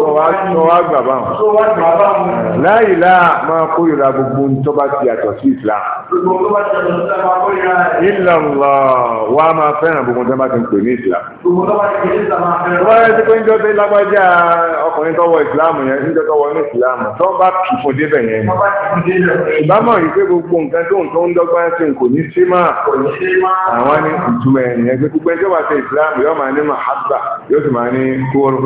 wá gbà bá wọn. láyìí láà máa kórìíra gbogbo ohun tó bá ti yàtọ̀ sí Islam. ilẹ̀ ńlọ wa máa fẹ́ràn gbogbo ohun tó bá ti ń pè ní Islam. wọ́n yẹ pé njọ́ tó lágbájá ọkùnrin tó wọ Islam yẹn njọ́ tó wọ ní Islam tó bá kì fún débẹ̀ yẹn. ìbámu yìí pé gbogbo nǹkan tó ń tó ń dọ́gbọ́n sí kò ní sí máa àwọn ní ìtumọ̀ ẹ̀yìn ẹgbẹ́ gbogbo ẹjọ́ bá ṣe Islam yóò máa ní mahabba yóò sì máa ní kúrò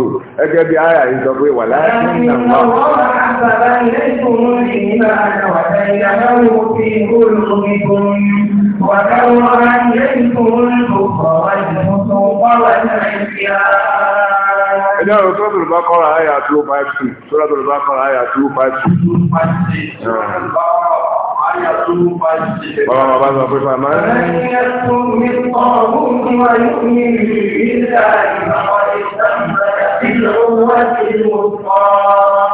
sọ pé wà láti ń nà mọ́. Ẹjọ́ ìrọ̀ tó tòrò bá kọ́ra àyà 252, tó rà tòrò bá kọ́ra àyà 252. Bọ́lá bàbá sọ pé fà máa ń rí. بالعروة الوثقى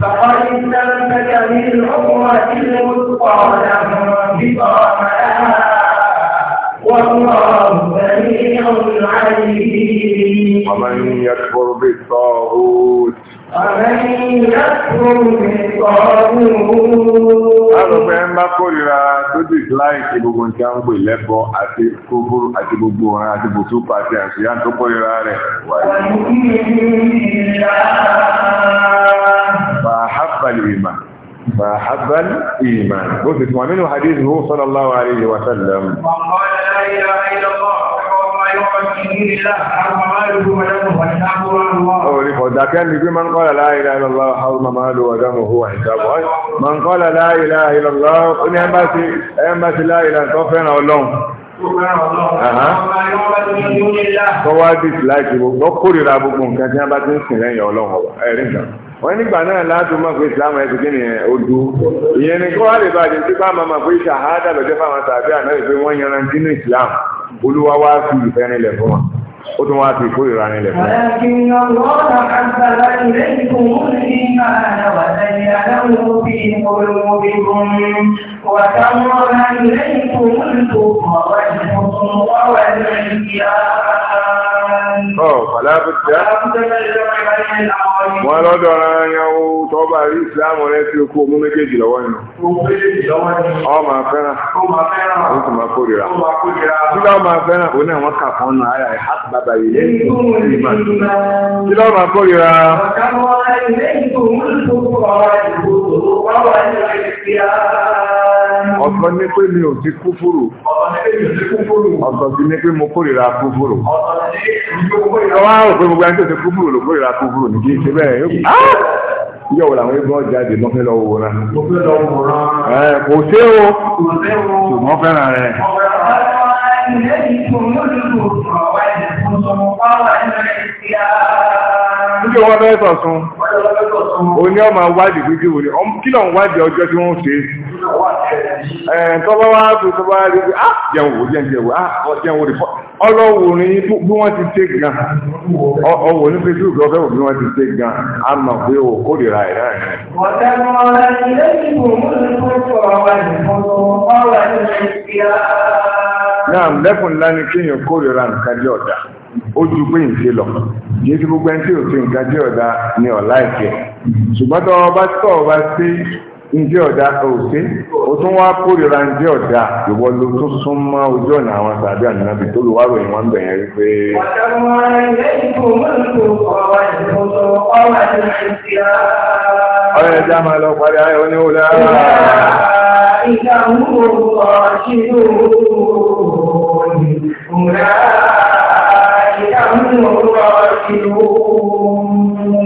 فقد استمسك بالعروة الوثقى لا ومن يكفر بالطاغوت Alọ́pẹ́ ń bá kórìíra tó dì láì ti gbogbo ní a ń pè lẹ́bọ àti kúkúrú àti gbogbo ọ̀ràn àti bùtúpù àti àṣíyá tó kórìíra rẹ̀ wáyé. Fàhábàlì ìmà. Fàhábàlì ìmà. Ó sì tún wà nínú hadith Sallallahu Alaihi Wasallam. Wàhálà ìlà ìlọ́kọ̀. Orí kọ̀dá kẹ́lì pé man qala la ilaha illallah haruma maluhu wa damuhu wa hisabuhu. Man qala la ilaha illallah ó ní ẹmbásí láìlá tó fẹ́ràn ọlọ́run. Tó wá dì láìsí gbogbo kórìíra gbogbo nǹkan tí wọ́n bá ti ń sìn lẹ́yìn ọlọ́run ọba. Ẹ̀rí nǹkan wọ́n nígbà náà láti mọ̀ pé ìsìlámù ẹ̀sìn kí ni odò ìyẹn ni kó wá lè bàjẹ́ sí bá máa mọ̀ pé ìṣàhádà lọ́jọ́ fáwọn tàbí àná ìpé wọ́n yanrantí ní ìsìlámù olúwa wá fi ìfẹ́ nílẹ̀ fún wa ó tún wá fi ìkórìíra nílẹ̀ fún wa. ọ̀ fàlábùtà wọn lọ́dọ̀ ara yan o tó rẹ fi okú omi méjèèjì lọ́wọ́ inú ọ máa fẹ́ràn ó sì máa kórìíra kí lọ́ máa fẹ́ràn ó ọ̀kan ní pé mi ò ti kúfùrù ọ̀kan sí ní pé mo kórìíra kúfùrù ọwọ́ àwọn òpin gbogbo ẹni tó ti kúfùrù ló kórìíra kúfùrù ní kí n ṣe bẹ́ẹ̀ yóò ah! yóò wọ́n àwọn ẹgbẹ́ ọjà dè mọ́fẹ́ lọ wò rán. kò sí o ṣùgbọ́n fẹ́ràn rẹ̀. Níbi wọn bẹ́ẹ̀ sọ̀tún, o ní ọmọ wádìí gbígbé wò ni, kí lọ́n wádìí ọjọ́ tí wọ́n ṣe é. tọ́bọ́ wá tó tọ́bọ́ rí ah jẹun wò jẹun rí ah, fọ́ bí wọ́n ti tẹ́ gan ọwọ́ ní bí wọ́n ti tẹ́ gan a mọ̀ pé o kó lè ra ẹ̀rá ẹ̀ náà lẹ́kùn ńlá ni kéèyàn lè ra nǹkan jẹ́ ọ̀dà ju lọ gbogbo ẹni tí ni ọ̀la njẹ́ ọ̀dà òsè ó tún wá kórìíra njẹ́ ọ̀dà ìwọ ló tún sún mọ́ ojú ọ̀nà àwọn tàbí ànábì tó lù wá ròyìn wọn bẹ̀yẹn rí pé. ọ̀rẹ́ ẹja máa lọ parí ayọ̀ ní òlà. ìdáhùn ọ̀rọ̀ ṣírò òmùrà ìdáhùn ọ̀rọ̀ ṣírò.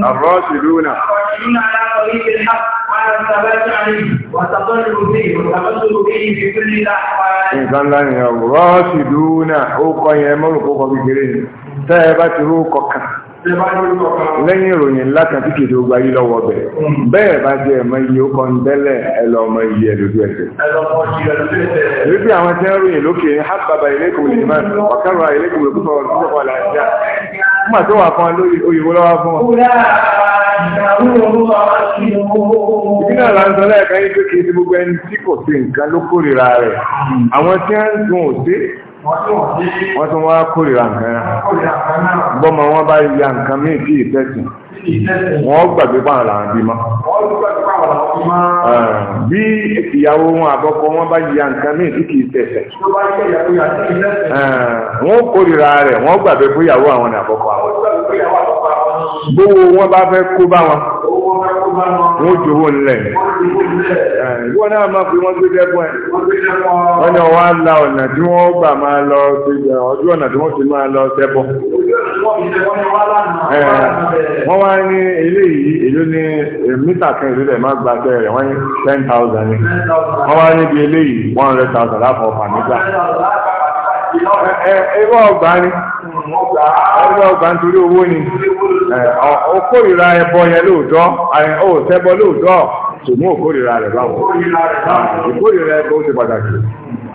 àrọ́ ṣìlú náà. الثبات عليه والتضرر به والتمثل به في كل الأحوال. إن كان لن راشدون حقا يملك بكرين ثبت روقك lẹ́yìn ìròyìn ńlá kan tí kìí gbáyé lọ́wọ́ bẹ̀. bẹ́ẹ̀ bá jẹ́ ẹ̀mọ iye ó kọ́ ń tẹ́lẹ̀ ẹlọ ọmọ iye ẹ̀lójú ẹ̀sẹ̀. àwọn ilé nígbà tó wà fún ọ lórí òyìnbó lọ́wọ́ fún ọ. ìdílé ọ̀la ń sọ lẹ́ẹ̀kan yìí pé kì í ti gbogbo ẹni tí kò sí nǹkan ló kórìíra rẹ̀ àwọn tí wọ́n ń gun òsè wọ́n tún wá kórìíra nǹkan náà gbọ́mọ wọn bá ya nǹkan míì tí ìtẹ́sìn wọ́n gbàgbé pààrọ̀ làwọn bí mọ́. bí ìyàwó wọn àbọ̀kọ wọn bá ya nǹkan míì tí kìí tẹ̀sẹ̀ wọ́n kórìíra rẹ̀ wọ́n gbàgbé fún ìyàwó àwọn ní àbọ̀kọ àwọn. gbówó wọn bá fẹ́ kó bá wọn wọ́n jòwó ńlẹ̀ ìwọ náà máa fi wọ́n gbé dẹ́kun ẹ̀ wọ́n ní ọwọ́ ńlá ọ̀nà tí wọ́n gbà máa lọ ojú ọ̀nà tí wọ́n ti máa lọ sẹ́bọ̀ wọ́n wá ní eléyìí èló ní mítà kan èló lẹ̀ máa gba sẹ́rẹ̀ rẹ̀ wọ́n ní ten thousand ni wọ́n wá níbi eléyìí one hundred thousand láfọ̀ ọ̀fà nígbà ẹgbẹ́ ọgbà ni ẹgbẹ́ ọgbà nítorí owó ni okórìíra ẹbọ yẹn lóòótọ́ ó ṣẹbọ lóòótọ́ ṣùgbọ́n okórìíra rẹ̀ báwo okórìíra ẹbọ ó ṣe pàtàkì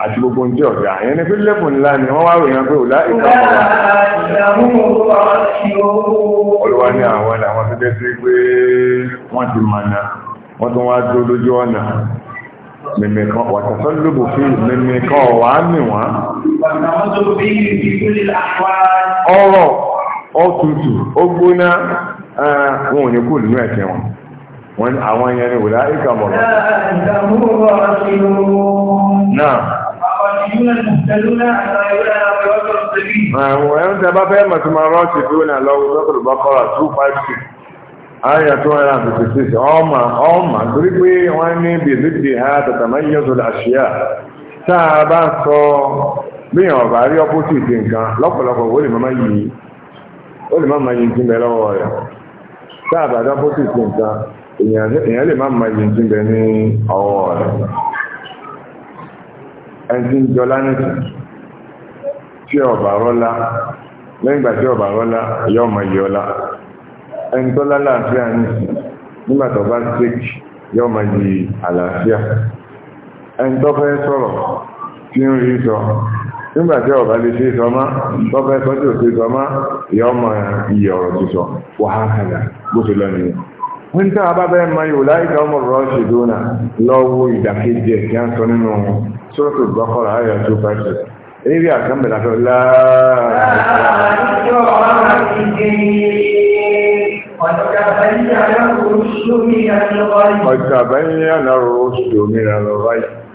àti gbogbo ń jẹ́ ọ̀gá ẹni pé lẹ́kùn ńlá ni wọ́n wá ròyìn pé òlá ìka ọ̀rọ̀ olùwà ní àwọn ẹ̀dà wọn tó sí pé wọ́n ti mànà wọ́n tún wá dúró lójú ọ̀nà mímẹ̀kan wàtàtọ́ lóbò fi mímẹ̀kan ọ̀wá mìwọ̀n ọ̀rọ̀ ọtụtụ ó gbóná wọn ò ní kú àwọn yẹn ni wòlá ìkà mọ̀rọ̀. àwọn ẹ̀rùn tẹ́ bá fẹ́ mọ̀ rọ́ọ̀tì tó náà lọ́wọ́ lọ́kọ̀lù bá kọ́ra two five six ayé torí pé wọ́n ní ha tó tá a bá sọ bí ó lè má ma yin jíǹbẹ lọ́wọ́ rẹ̀ tá àbàdá bó sì sí nǹkan èèyàn lè má ma yin jíǹbẹ ní ọwọ́ rẹ̀ ẹni tí ń tí ọba rọlá lẹ́yìn ìgbà tí ọba rọlá ẹ̀yọ́ ọmọ yìí ọlá ẹni tó lálàáfíà nìkan nígbà tó bá ṣèkì yọ́ ma yí àlàáfíà ẹni tó fẹ́ sọ̀rọ̀ tí ń rí sọ nígbà tí ọba lè ṣe sọmá tọ́fẹ́ sọ́jọ́ ṣe sọmá ìyá ọmọ iye ọ̀rọ̀ sísọ wàhálà bó ṣe lọ nìyẹn wọ́n tán abábẹ́ ma yóò láìka ọmọ rọ̀ ṣe dóná lọ́wọ́ ìdàkejì ẹ̀ tí a ń sọ nínú sọ́ọ̀tù gbọ́kọ̀rọ̀ ayọ̀ tó bá ṣe eré àkànbẹ̀lá fẹ́ láàá قد تبين الرشد من الغي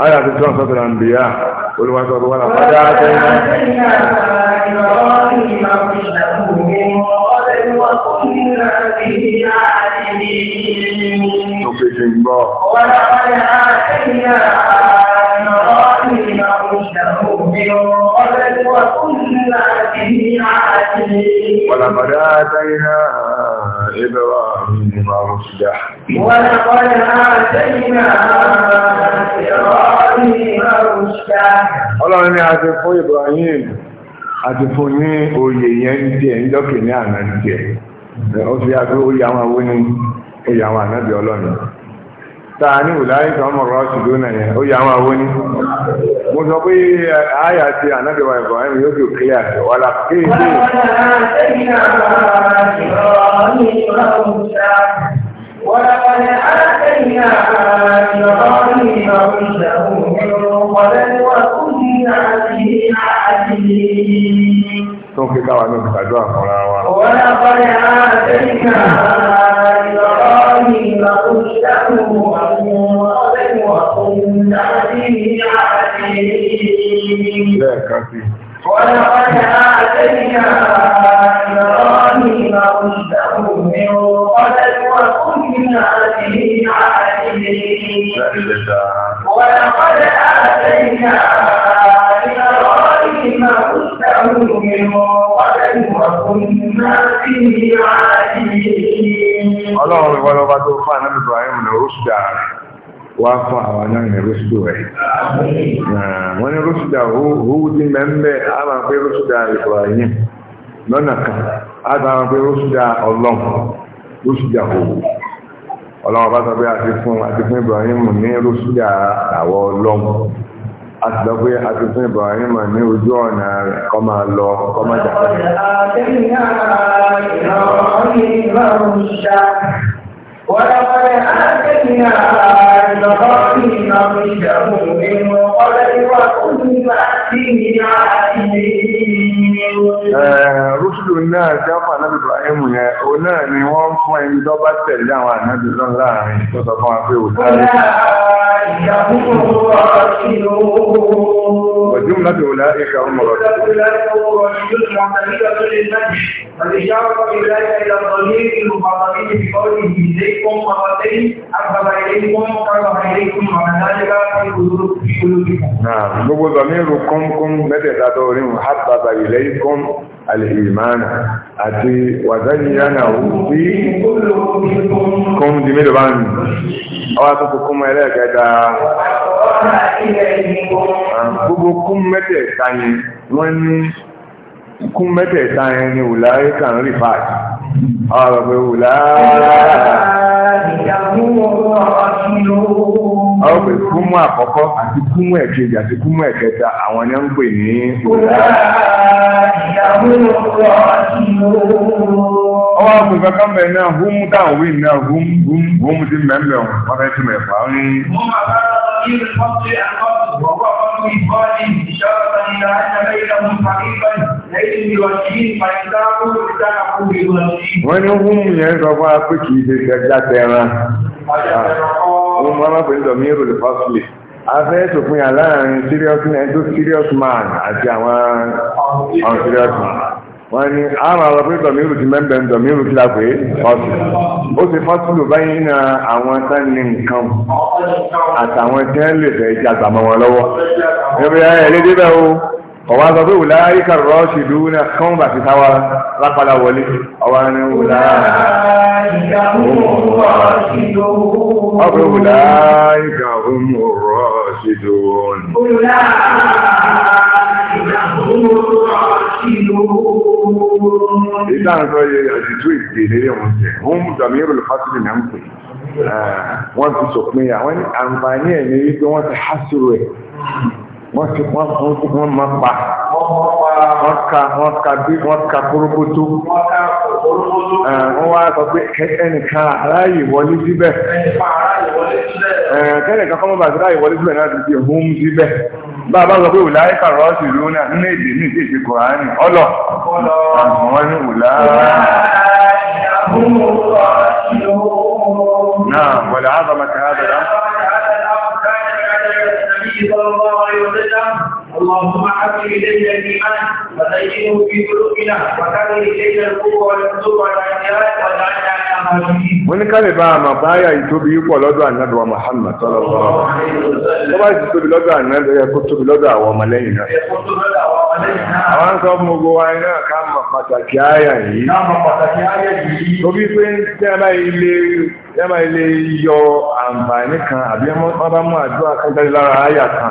آية في سورة الأنبياء والوسط ولا قد آتينا إبراهيم رشده من قبل وكنا به عالمين ولقد آتينا إبراهيم رشده من قبل وكنا به عالمين ولقد آتينا إبراهيم علما رشدا ولقد آتينا إبراهيم رشدا ọlọ́run ni a ti fún Ibrahim àti fún ní oyè yẹn ń tiẹ̀ ń jọ́kì ní àná ń tiẹ̀ ó fi àgbé oyè àwọn awóni oyè àwọn ànábì ọlọ́run tàà ní ìwòláyìnkà ọmọ ọ̀rọ̀ ṣùgbọ́n náà yẹn ó yà wọn àwọn ní mo sọ pé àyà ti ànábẹ̀wà ìbọ̀wọ̀n yóò fi kílẹ̀ àti wàlá kéèké. ولقد آتينا إبراهيم رشده من قبل وكنا به عليم tó ń fi káwa náà gbàdúrà fúnra wa. Wọ́n á مما تستعمل من وعدم وكنا فيه عالمين الله أكبر وقد وفى نبي إبراهيم من رشدا wáfà àwọn náà ní rúṣùdù rẹ̀. wọ́n ní rúṣùdà húhú tí mẹ́mẹ́ a máa pé rúṣùdà Ibrahim lọ́nà kan a máa pé rúṣùdà ọlọ́run rúṣùdà húhú. ọlọ́run àtìgbà pé a ti fún Ibrahim ní ojú ọ̀nà rẹ̀ kọ́ máa lọ kọ́ máa jà ولقد آتينا إبراهيم رشده من قبل وكنا فيه عالمين Eh, rúṣùlù náà tí wọ́n fà náà bíbá ẹ̀mù yẹn òun náà ni wọ́n ń fún ẹni tó bá tẹ̀lé àwọn ànábì lọ́n láàrin tó sọ fún wa pé ò dáre. Ọ̀dún láti wò láti ọmọ rọ̀. فالإشارة بذلك إلى الضمير المخاطبين بقوله إليكم مرتين أقرب إليكم كره إليكم ومن إليكم الإيمان àti wàzánìyànàwó sí kún di mélòó bá nù ọwá tó kún mọ́ ẹlẹ́ẹ̀kẹta gbogbo kún mẹ́tẹ̀ẹ̀ta yẹn wọ́n ní kún mẹ́tẹ̀ẹ̀ta yẹn ni wùlá ẹ̀kà ń rí fàájì ọ̀rọ̀ pé wùlá ọ pé kúmú àkọ́kọ́ àti kúmú ẹ̀kejì àti kúmú ẹ̀kẹta àwọn ni ń pè ní òdà. ọwọ́ àpò kankan bẹ̀rẹ̀ náà húmú táwọn wí náà húmú húmú húmú ti mẹ́mẹ́ wọn wọ́n fẹ́ tún ẹ̀fà ó ní. Ìfọ́nṣe àkọ́kọ́ ọ̀pọ̀ ọ̀pọ̀ ìfọ́nṣe ìṣọ́ra wọ́n ní hún yẹn sọ fún apé kìí ṣe gẹ́gẹ́ tẹran ah, ọmọ arábìnrin dọ̀mí èrò lè fásitì afẹ́ sòfin yà láàrin serious man tó serious man àti àwọn unserious man wọ́n ní àwọn àwọn pé dọ̀mí èrò ti mẹ́bẹ̀ ń dọ̀mí èrò kílá pé ó ti fásitì báyìí na àwọn sánni nǹkan àtàwọn tẹ́lẹ̀ fẹ́ jàgbàmọ́ wọn lọ́wọ́ ẹgbẹ́ ẹ̀rẹ́dẹ́bẹ̀ o ọwọ́ sọ pé wùlá ríkà rọ́ọ̀ṣì lúúnà kán bàtí táwa lápadà wọlé ọwọ́ ni wùlá ríkà rọ́ọ̀ṣì lúúnà ọwọ́ wùlá ríkà rọ́ọ̀ṣì lúúnà wùlá ríkà rọ́ọ̀ṣì lúúnà ìdáǹsọ yẹ àjìtú ìdè lé wọn jẹ wọn mú dàmí ìrù lùfásílì náà ń pè wọn ti sọ àwọn àǹfààní ẹ̀ ní wípé wọn ti hásùrù ẹ̀ wọ́n ti wọ́n wọ́n wọ́n máa pa wọ́n ka wọ́n ka bí wọ́n ka kórópótó wọ́n wá sọ pé ẹnìkan aráyè wọlé síbẹ̀ kẹ́nìkan kọ́mọ́ bàtí aráyè wọlé síbẹ̀ náà ti di ohun síbẹ̀ bá a bá sọ pé wùláyé kàrọ́ọ̀sì ló náà nínú èdè ní ìdí èdè kòránì ọlọ àwọn ní wùláyé. náà wọlé àbámakẹ́ àbẹ̀rẹ̀. صلى الله عليه وسلم اللهم حبب إلينا الإيمان وزينه في قلوبنا وكره إلينا القوة والحضور والعزيمات واجعلنا wọ́n ní káàlẹ̀ bá àmà báyà ìtóbi pọ̀ lọ́dọ̀ ànádọ́wà Muhammad tọ́lọ́wọ́ tó bá ti tóbi lọ́dọ̀ ànádọ́ ẹ̀kọ́ tóbi lọ́dọ̀ àwọn ọmọlẹ́yìn náà àwọn ń sọ fún gbogbo wa náà ká mọ̀ pàtàkì àyà yìí tóbi pé tẹ́ẹ̀bá ilé yọ àǹfààní kan àbí wọ́n bá mú àdúrà kan lára àyà kan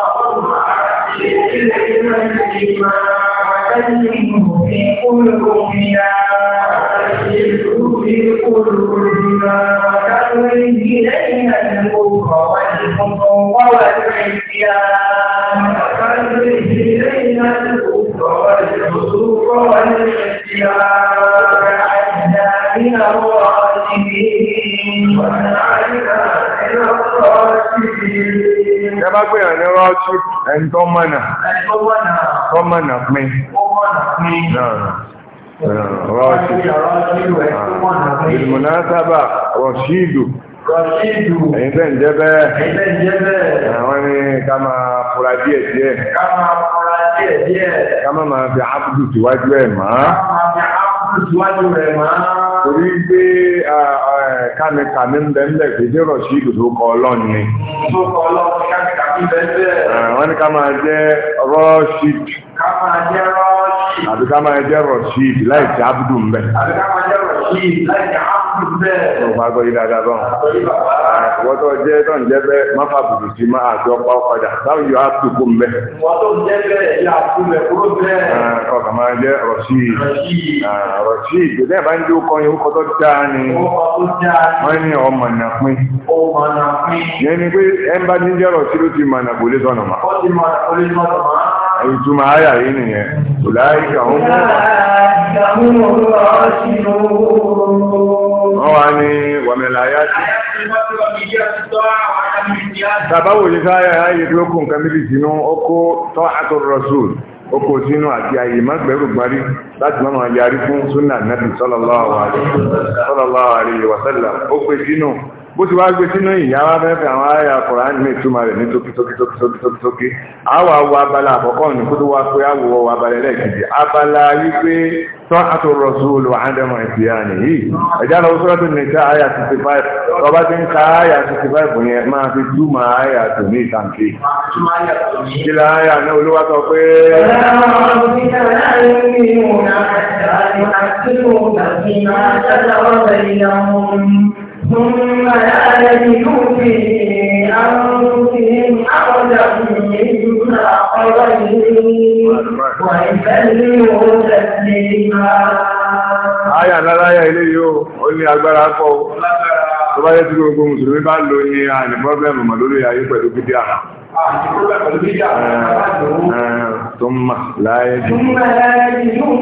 بما عليهم في قلوبنا ẹni tó mọ̀nà tó mọ̀nà pín rọ́ọ̀ṣì ah, ìmùnásábà rọ̀ṣídù ẹ̀yìn tẹ́ ń jẹ́ bẹ́ẹ̀ àwọn ah, ni ká máa fura díẹ̀ díẹ̀ ká máa máa fi ápùdù síwájú ẹ̀ máa torí pé ah, kámikàmí ń bẹ ńlẹ̀ pé jẹ́ rọ̀ṣí ìdòdó kọ ọlọ́run ni. wọ́n ní ká máa jẹ́ rọ́ṣí. ká máa jẹ́ rọ́ṣí. àbí ká máa jẹ́ rọ̀ṣí láì jẹ́ abudu ń bẹ. àbí ká máa jẹ́ rọ̀ṣí láì jẹ́ abudu ń bẹ. ọ̀pọ̀ àgọ́ yìí dáadáa bọ́n. wọ́n tó jẹ́ tó ń jẹ́ bẹ́ẹ̀ má fà bùrù sí má àjọ pa ọkọjà táwọn yóò á tó kó ń bẹ. wọ́n tó jẹ́ bẹ́ẹ̀ yà á tó bẹ̀ kúrò bẹ́ẹ̀. ọkà máa jẹ́ rọ̀ṣí. rọ̀ṣí wọ́n ní ọmọ nà yẹn ni pé ẹnba ní jẹ́rọ̀ tí ló ti mọ̀ nà kò lè sọ̀nà mà. ìtumọ̀ ayà yìí nìyẹn tòláyé kà ó mú. wọ́n wá ní wàmẹ̀lá yá sí. tàbáwò yìí sáyà ayé tí ó kó nǹkan méjì sínú ó kó àtọ̀rọ̀ sóòlù oko sínú àti ayé mọ́gbẹ̀rù gbarí láti mọ́mọ̀ yarí fún súnà nàbì sallallahu alaihi wasallam ó pè sínú bó ti wá gbé sínú ìyá wá fẹ́fẹ́ àwọn ará Kùránì ní ìtumọ̀ rẹ̀ ní tókítókítókítókí àwọ̀ àwọ̀ abala àkọ́kọ́ ní kó tó wá pé àwọ̀ ọwọ́ abala ẹlẹ́ẹ̀kejì abala wípé tán àtòrọ̀sùlù àádọ́mọ̀ ìfìyà nìyí ẹ̀já lọ sọ́rọ̀ tó ní ká àyà 65 ọba tí ń ka àyà 65 yẹn máa fi túmọ̀ àyà tó ní ìtànkì kí la àyà náà olúwa sọ pé ẹ̀rọ ثم لا يجدوا في أنفسهم حرجا مما قضيت ويسلموا تسليما Àyà láráyà ilé yóò, ó ní agbára pọ̀. Tó bá yẹ́ tí gbogbo Mùsùlùmí bá lò ní àìní pọ́blẹ̀mù mọ̀ lórí ayé pẹ̀lú bídí àrà. ثم لا يجدون ثم لا يجدون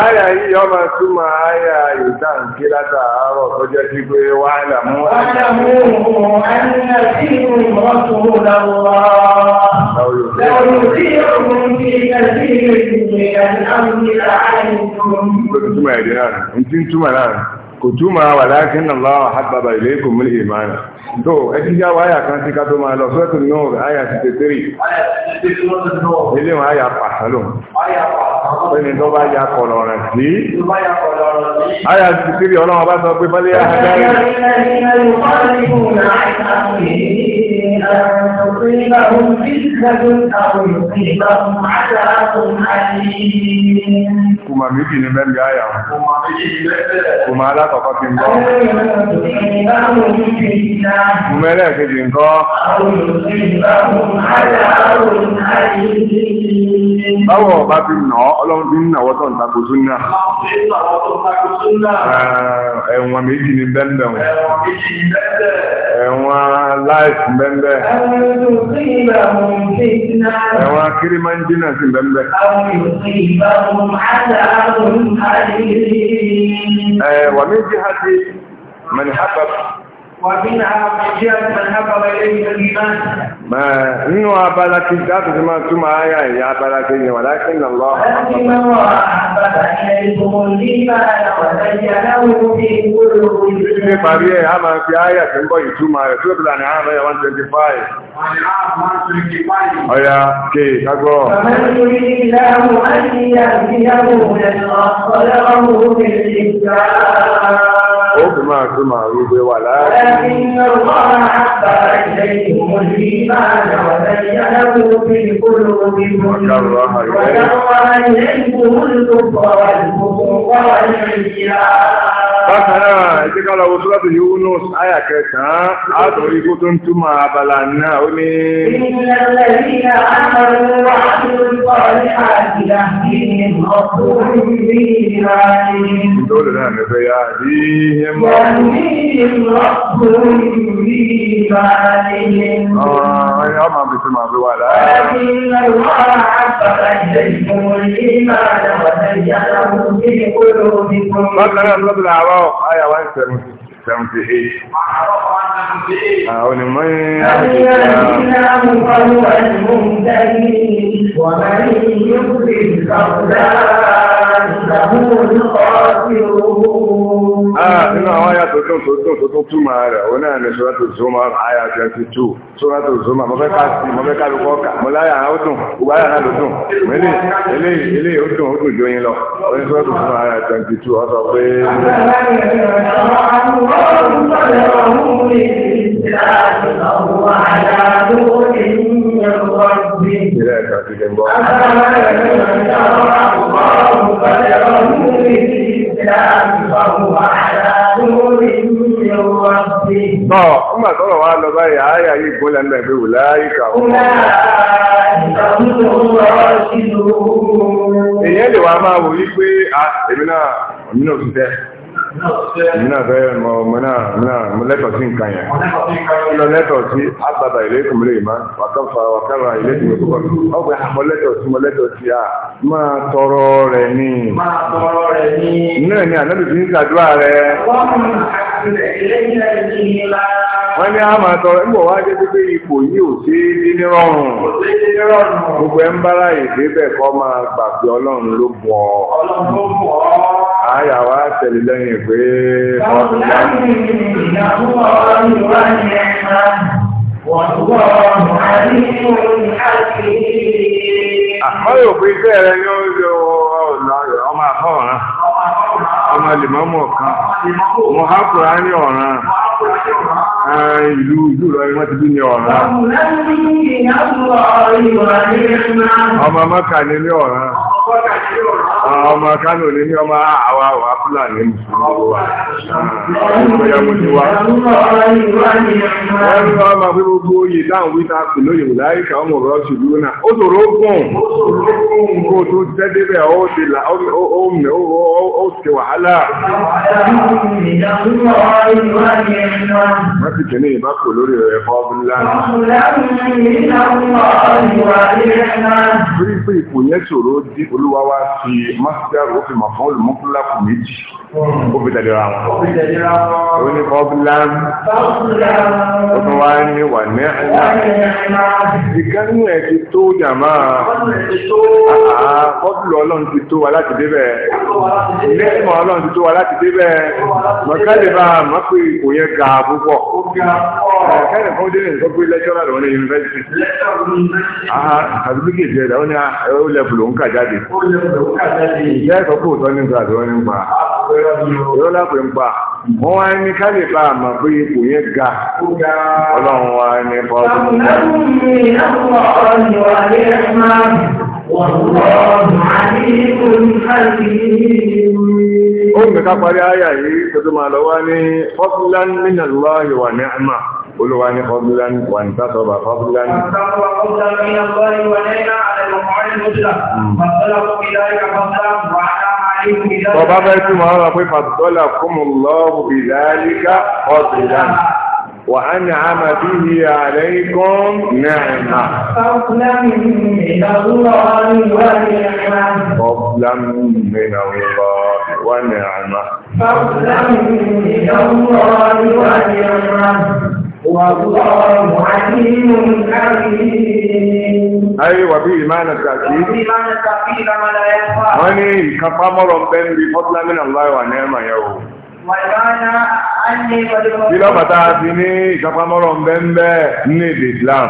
aya yìí yọ máa túmọ̀ àyà ìdá nkí látàárọ̀ tó jẹ́ kí pé wà lámú. Àdàmú ẹ̀nà tí ìwọ̀n tó lọ́wọ́. Lọ́rù tí òun kí ẹ̀sí ìrìnlẹ̀ àdámú ìlà àìsàn. kò túmọ̀ walakin Allah habbaba ilaykum al-iman tó ẹjíjá wáyà kan sí ká tó máa lọ sọ́tù náà àyà ti tẹ́tẹ́rì ilé wọn àyà pàṣálò ẹni tó bá ya kọ̀lọ̀ rẹ̀ sí àyà ti tẹ́tẹ́rì ọlọ́wọ́ bá sọ pé bọ́lé أن تصيبهم فتنة أو يصيبهم عذاب أليم Kùmà méjì ni bẹ́ẹ̀ bí àyà wọn. Kùmà alákọ̀ọ́kọ́ ti ń gbọ́. Kùmà ẹlẹ́ẹ̀kejì ń kọ́. Àwọn olùsìn ìbámu àyà àrùn àyè. Báwọ̀ bá fi nà ọ́, ọlọ́run fi ń nà wọ́tọ̀ ń takò tún náà. Ẹ̀wọ̀n méjì ni bẹ́ńbẹ̀ wọn. Ẹ̀wọ̀n láìsí bẹ́ńbẹ̀. Ẹ̀wọ̀n kiri máa ń jìnà sí bẹ́ńbẹ̀. Ẹ̀wọ̀n méjì hàtí, mẹ́ni hábàbà nínú abala kejì láti fi máa túmọ̀ ayà ìyá abala kejì wà láti nà lọ. Ní parí ẹ̀, a máa fi ayà tí ń bọ̀ ìtumọ̀ rẹ̀ tí ó bí lànà àárọ̀ yà 125. Ọya ké kágbọ́. Bàbá ó fi máa tún máa rú gbé wà láàárín. Bákan náà, ìtí ká lọ wo Sọ́lọ́tù Yúnus Áyà kẹsàn-án, àtòrí kó tó ń túmọ̀ abala náà ó ní. Ìrìnlẹ̀ ìrìnlẹ̀ àmàrin wà ní orúkọ ní àjìlá ní ọ̀pọ̀ orí ìrìnlẹ̀. Ìjọ́ òdòdó àmì fẹ́ yá, yìí يهديهم يهديهم ربهم بإيمانهم آه يا ما بسمع بولا ولكن الله حبب إليكم الإيمان وزينه في قلوبكم. مثلا نبلع آية 170 seventy eight. àwọn ah, ènìyàn ah, Nínú àwọn ayà tó dùn tó dùn tó tún túnmà rẹ̀, ó náà ní Sọ́rọ̀tò Zoma ayà 22, Sọ́rọ̀tò Zoma, mọ́fẹ́ káàkiri, mọ́fẹ́ káàkiri kọ́ọ̀kà, mọ́láyà ó dùn, gbogbo ayà náà ló dùn, eléyìí ó dùn ó dùn jọyìn lọ, ó ní Sọ́rọ̀tò Zoma ayà 22, ọ sọ pé... a a ọna a alụị aha gị boa e wlekeye ịwa mawụ ikpe e muna fẹ́ mọ muna muna lẹ́tọ̀ sí nǹkan yẹn lọ lẹ́tọ̀ sí ababa ìlẹ́kùn mi lè má wàkàfà wàkàrà ìlẹ́kùn mi kúkọ ọgbà mọ sí mọ sí a ah, máa tọrọ rẹ ní. máa tọrọ rẹ ní. náà ni ànábìsí ń ṣàdúrà rẹ. wọ́n mú wọ́n ní a máa tọrọ nígbà wá jẹ́ pé ipò yìí ò sí dí ní gbogbo ẹ̀ ń bára ìdí bẹ́ẹ̀ kọ́ máa gbàgbé ọlọ́run ló bọ̀ ọ́ àyà wa tẹ̀lé lẹ́yìn pé ọ̀dùnmá. Àmọ́ ah, yóò iṣẹ́ rẹ ni ó yọ ọmọ àfọ̀ràn. ọmọ lèmọ́mù ọ̀kan mo há kúrá ní ọ̀ràn ìlú ìlú ìlọrin wọ́n ti bí ní ọ̀ràn ọmọ mọ́kà ní ní ọ̀ràn. Àwọn ah, ọmọ Kánò ní ní ọmọ àwa àwa Fúlàní Mùsùlùmí wa. Ọ̀yà mo ti wá. Wọ́n sọ ọmọ pé gbogbo oyè dáhùn wíta kù lóye wò láyé ká ọmọ ọ̀rọ̀ ṣùgbọ́n lónà. Ó ṣòro gùn. Kó o tó jẹ́ débẹ̀ ó ti là ó mẹ́ ó ṣe wàhálà. Wọ́n ti kìíní ìbá kò lórí rẹ̀ fọ́ Abúlá. Bí pé ipò yẹn ṣòro dí olúwa wá fi mọ́sítẹ́rù ó fi mọ̀ fún olùmọ́kúnláàkù méjì ó fi tẹ̀lé ra wọn. ó ní fọ́bùlán ó tún wá ní wà ní ẹ̀yà. ìkànnì ẹ̀ ti tó jàmá fọ́bùlù ọlọ́run ti tó wa láti débẹ̀ lẹ́ẹ̀mọ̀ ọlọ́run ti tó wa láti débẹ̀ mọ̀kálẹ̀ bá a mọ̀ pé kò yẹ ga púpọ̀. kẹ́lẹ̀ fún délé nǹkan pé lẹ́jọ́ láti wọn ní yunifásitì. àtàlùbíkè jẹ́ ìdáwọ́ ní ẹ̀rọ lẹ́bùlù ń kà jáde lẹ́ẹ̀kọ́ kò tọ́ nípa àtọ́wọ́ nípa ìrọ́ lápẹ̀ ń pa wọ́n wá ní ká lè bá àmà pé ipò yẹn ga ọlọ́run wá ní fọ́ọ̀tún ó mẹ́ká parí ayà yìí tó tó máa lọ wá ní fọ́kúnlá nínú lọ́yọ̀wà ní àmà كل وان فضلا وانتصب فضلا وانتصب من الله ونعم على المفعول المسلم فضلك بذلك فضلا وانعم عليه بذلك الله بذلك فضلا وانعم به عليكم نعمة فضلا من الله ونعمة فضلا من الله ونعمة فضلا من الله ونعمة والله عليم حكيم أي وفي معنى التأكيد وفي معنى التأكيد ما لا يخفى وني كفامر بين بفضل من الله ونعمة يوم Kí lọ́pàá tá a fi ní ìkápámọ́rọ̀ ń bẹ́ ń bẹ́ ní èdè Islam?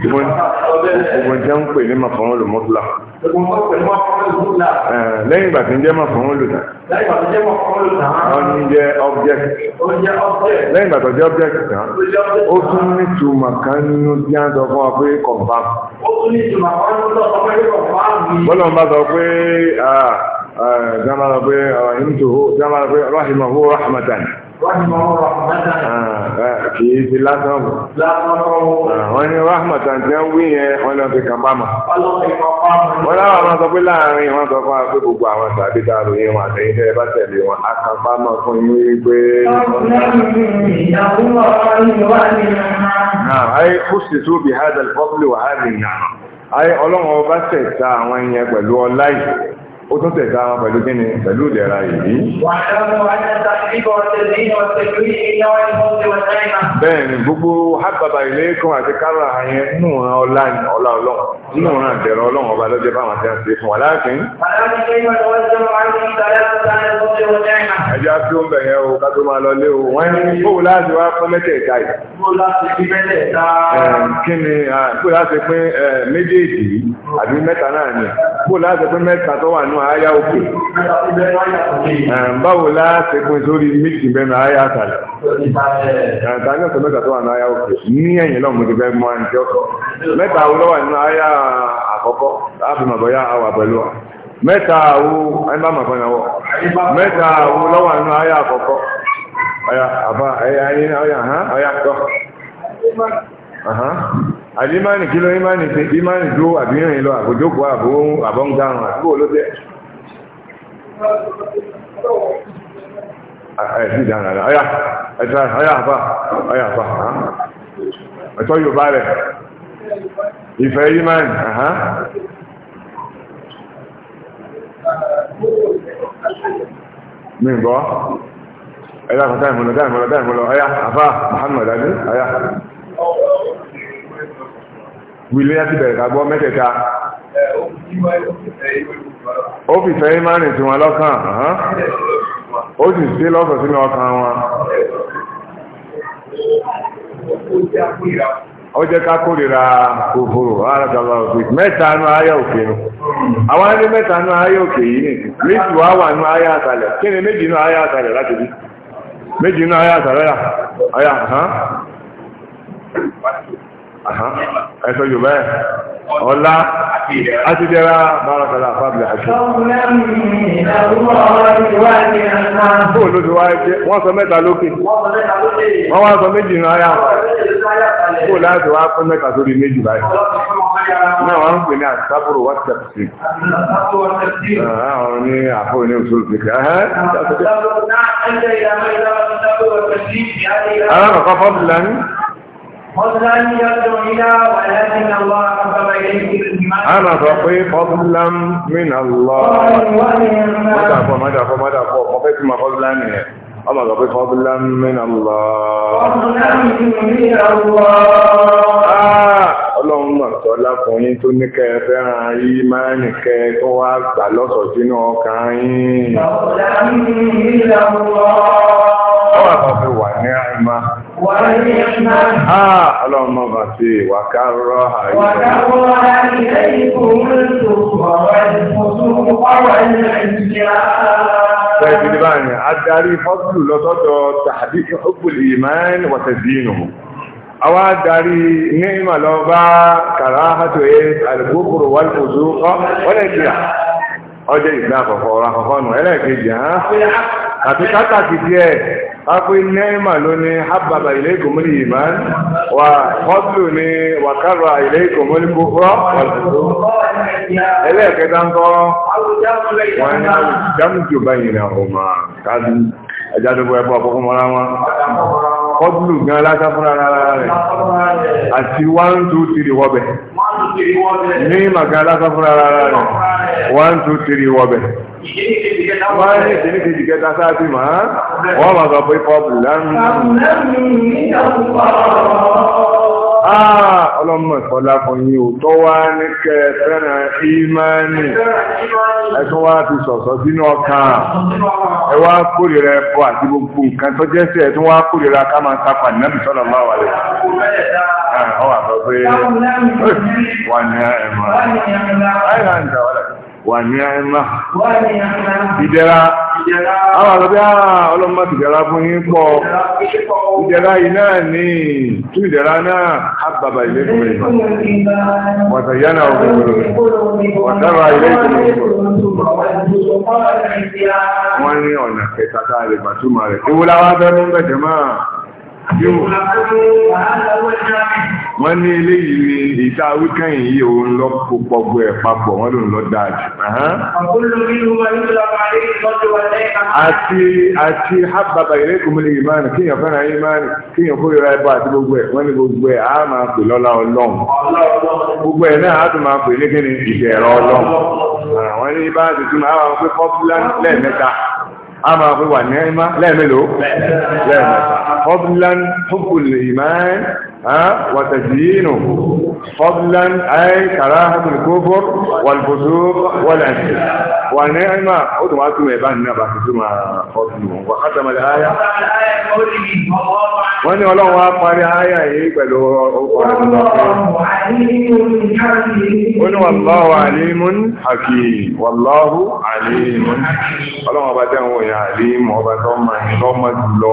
gbogbo jẹ́ ń pè ní màfọ́n lò mọ́tòlá. lẹ́yìn ìgbà tí ń jẹ́ màfọ́n lò tán. wọ́n ní jẹ́ object. lẹ́yìn ìgbà tó jẹ́ object tán. ó tún ní ìtumọ̀ kan nínú bí a ń sọ fún wa pé confam. bọ́lá ń bá sọ pé jẹ́ máa lọ pé rahimahu rahmatan. Ah, kì í ah, wọ́n ní rahmatan tí wọ́n wí yẹn wọ́n lọ fi kàn pamọ́. wọ́n láwọn àwọn sọ pé láàrin wọn sọ fún wa gbogbo àwọn tàbí tá a lò yẹn wọn bá tẹ̀lé wọn fún yín ayé kùsì tó wàhálì ayé ọlọ́run ọba ta àwọn yẹn pẹ̀lú ó tún tẹ̀ka wọn pẹ̀lú kíni pẹ̀lú ìlera yìí. bẹ́ẹ̀ni gbogbo hábàbà ilé kan àti kára yẹn nù ran ọlá ọlá ọlọ́run nínú ran àtẹ̀rọ ọlọ́run ọba lọ́jọ́ báwọn ti ń ṣe fún wa láàfin. ẹja tí ó ń bẹ̀yẹn o ká tó máa lọ lé o wọ́n ní bóòwù láti wá fún mẹ́tẹ̀ẹ̀ta yìí. bóòwù láti fi mẹ́tẹ̀ẹ̀ta. kí ni bóòwù láti pín méjèèjì àbí mẹ́ta náà ni bóòwù láti pín mẹ́ta tó wà nù àáyá òkè báwo láti pín sórí méjì bẹnu àáyá àtàlẹ̀ àtàlẹ̀ ọ̀sẹ̀ mẹ́ta tó wà ní àáyá òkè ní ẹ̀yìn náà mo ti fẹ́ mọ àǹtí ọ̀sọ̀ mẹ́ta wo lọ́wọ́ nínú àáyá àkọ́kọ́ láti mọ̀ bóyá àwà pẹ̀lú wa mẹ́ta wo ẹni bá náà wọ̀ mẹ́ta wo lọ́wọ́ nínú àáyá àkọ́kọ́ ọ̀yà àbá ẹ̀yà ẹ̀sìn dára rẹ̀ ọ̀yà ẹ̀sìn ọ̀yà àbá ọ̀yà àbá ẹ̀tọ́ yorùbá rẹ̀ ìfẹ́ yìí máa ń mi gbọ́ ẹ̀dá kan táìmù lọ táìmù lọ táìmù lọ ọ̀yà wìlú yá ti bẹ̀rẹ̀ ká gbọ́ mẹ́tẹ̀ẹ̀ta ó fi fẹ́ ìmánì tí wọn lọ́kàn ó sì sí lọ́sọ̀ sínú ọkàn wọn ó jẹ́ ká kórìíra kòfòrò arákàlá òfin mẹ́ta òkè àwọn ẹni mẹ́ta òkè yìí wà àtàlẹ̀ kí ẹ̀sọ́ yorùbá ẹ̀ ọlá àti jẹ́ra bárakàlá fábílẹ̀ àti ọ̀pọ̀ ló ti wáyé jẹ́ wọ́n sọ mẹ́ta lókè wọ́n wá sọ méjì náà yá kó láti wá pẹ́ mẹ́ta sórí méjì báyìí náà wọ́n ń pè ní àtàbùrù wọ́tẹ̀pì àwọn Ana sọ pé fọ́dúnlám mìnà lọ. Mọ́dàfọ́, mọ́dàfọ́, mọ́dàfọ́, ọ̀fẹ́ tí ma fọ́dúnlám nìyẹn. Ọmọ sọ pé fọ́dúnlám mìnà lọ. Ọlọ́run mọ̀ sọ lákùnrin tó ní kẹ fẹ́ràn yìí máa ń kẹ tó wá gbà lọ́sọ̀ sínú ọkàn yìí. Fọ́dúnlám mìnà lọ. Ọwọ́ àbọ̀fẹ́ wà ní àìmá. Ah, Ọlọ́run mọ́ bá sí ìwàká rọ́ Bẹ́ẹ̀ni ní báyìí, a darí fọ́sùlù lọ́tọ́dọ̀ tàbí ìhùgbùlì ìmáìn wọ̀tẹ̀dínù. A wá darí ní ìmọ̀ bá kàrá hàtò ẹ̀ àlùgbòkòrò wà lùkòzó ọ́ wọ́lẹ̀ ìdíyà ọjọ́ ìgbà àkọ́kọ́ ọ̀rọ̀ àkọ́kọ́ nù ẹlẹ́ẹ̀kejì hàn àti kátàkì díẹ̀ wápé nẹ́ẹ̀mà ló ní hábàbà ilé ìkòmólì yìí máa ń wà fọ́tù ní wàkàrà ilé ìkòmólì kúrọ́ ẹlẹ́ẹ̀kẹta ń kọ́ wọn ní jámùjù báyìí náà ó máa kájú ẹja tó bọ ẹbọ ọkọkọ mọra wọn kọdùlù gan lásán rárá rẹ àti one two three wọbẹ ní màgá lásán rárá rẹ one two three wọbẹ wọ́n ní ìdíní kejì kẹta sáàtì máa wọ́n máa sọ pé pọ́pù lánàá. Ah, ọlọ́mọ ìfọ́lá kan yí ò tọ́ wá ní kẹ fẹ́ràn ìmáànì ẹ̀tún wá ti sọ̀sọ̀ sínú ọkàn ẹ wá kórìíra ẹ̀fọ́ àti gbogbo nǹkan tó jẹ́ sí ẹ̀tún wá kórìíra ká máa sápà nàbì sọ́nà máa wà lẹ́yìn àwọn àgbẹ̀ ah, ọlọ́mọ tìjọra fún yín pọ̀ ìjọra yìí náà ní tún ìjọra náà àbàbà ilé ìgbìmọ̀ ìgbà wàtà ìyá náà òkè gbòòrò wàtàrà ilé ìgbìmọ̀ wọ́n ní ọ̀nà kẹta tá a lè gbàtúmọ̀ rẹ̀ ewu láwá bẹ́ẹ̀ mú bẹ̀jẹ̀ máa wọ́n ní eléyìí ni ìta wíkẹ́yìn yìí òun lọ pọ̀gbọ̀ ẹ̀ papọ̀ wọ́n lòun lọ dáadì. àti àti hábàbà ìrẹ́kùnmílẹ̀ ìmáàni kíyàn fẹ́ràn ìmáàni kíyàn kó ìrọ̀ ẹbọ àti gbogbo ẹ̀ wọ́n ní gbogbo ẹ̀ á máa pè lọ́lá ọlọ́run gbogbo ẹ̀ náà á tún máa pè ní kíni ìṣẹ̀rọ ọlọ́run àwọn ní bá ti a máa pé wà ní ẹ̀má lẹ́ẹ̀mẹ́lò lẹ́ẹ̀mẹ́ta وتزيينه فضلا أي كراهة الكفر والفسوق والعشر ونعمة أدعو أتوا يبان نبع كتما فضله وختم الآية wọ́n ọlọ́run wá parí ayà yìí pẹ̀lú ọ̀rọ̀ ọ̀rọ̀ wàláhù alímún àkì wàláhù alímún ọlọ́run ọba tẹ́wọ̀n yà alímù ọba tọ́mà jùlọ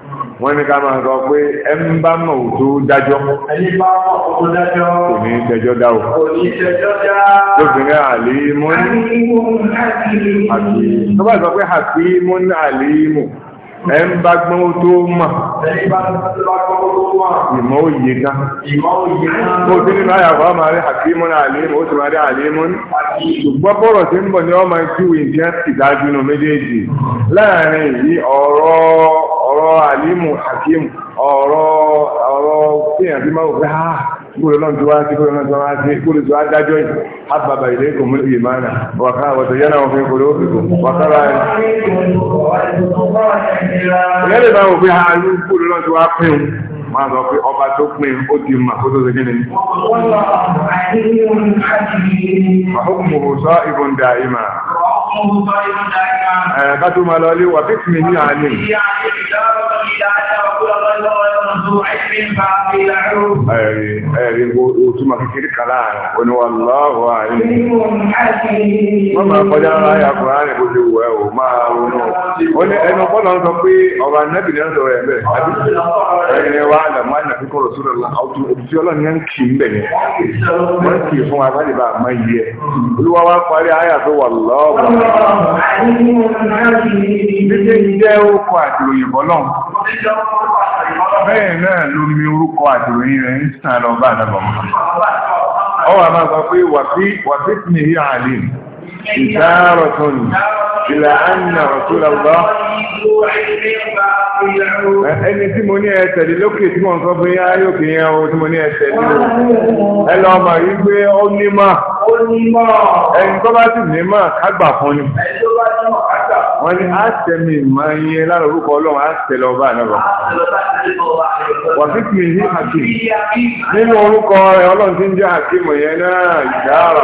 wọ́n ní ká máa sọ pé ẹ ń bá mọ̀ ò tó dájọ́. ẹni bá mọ̀ ò tó dájọ́. kò ní tẹjọ́ dá o. kò ní tẹjọ́ dá. lóbìnrin àlímú ní. àlímú ní àlímú. àti tó bá sọ pé àlímú ní àlímú ẹ̀ ń bá gbọ́n ó tó mà ìmọ̀ ó yé ká ó ti ní báyà bá máa rí àkímọ́ ní àlémọ́ ó ti máa rí àlémọ́ ní ṣùgbọ́n bọ́rọ̀ tí ń bọ̀ ní ọmọ ìjúwe ìjẹ́ ìdájú nù méjèèjì láàárín yìí ọ̀rọ̀ àlímù àkímù ọ̀rọ̀ ọ̀rọ̀ kéèyàn fi máa wò pé áà gbọ́dọ̀ náà tó wá sí gbọ́dọ̀ náà tó wá sí gbọ́dọ̀ tó wá dájọ́ yìí ábàbà ilé kò mú ìyè máa nà wàkà àwọ̀tọ̀ yẹ́nà wọn fi kòrò wàkà bá rẹ̀. ìyá lè máa wò pé áà ló gbọ́dọ̀ náà tó wá pé o máa sọ pé ọba tó lọ lé wà fífi ní àná. Ẹ̀rí o túnmọ̀ kékeré kàlá oníwàláwọ̀ àìní. Wọ́n máa kọjá láyà Kùránì kò ṣe wẹ̀ o máa ronú. Ó ní ẹnu bọ́lá ń sọ pé ọ̀rọ̀ anẹ́bì ní ọ̀sọ̀ rẹ̀ bẹ̀. Bẹ́ẹ̀ náà ló mi orúkọ àtìròyìn rẹ̀ ń sàn lọ bá àdàbọ̀ mọ́. Ọ wà máa gbà pé wà fi ní ìhí àlè ìdáàrọ̀ tó nì, ìlà ànà ọ̀tún lọ́gbọ́. Ẹni tí mo ní ẹ̀tẹ̀lì lókè tí wọ́n sọ pé ayé yẹn o tí mo ní ẹ̀tẹ̀lì o. Ẹ lọ mà yí pé ó ní mà. Ẹni tó bá sì ní mà kágbà fún ni. Ẹni tó bá ní mà wọ́n ní àtẹ̀mí ìmọ̀ yẹn lára orúkọ ọlọ́run àtẹ̀lẹ̀ ọba ànábọ̀. wà sí kìí sí hakim nínú orúkọ ọlọ́run tí ń jẹ́ hakim yẹn náà ìdára.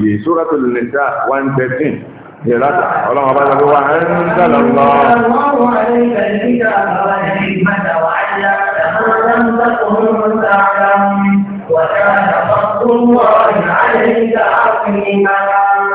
سورة النساء 113 يا رب اللهم بارك الله وعلمنا الله عليك الهدى والهدى وعلمنا تكون وكان فضل الله عليك عظيما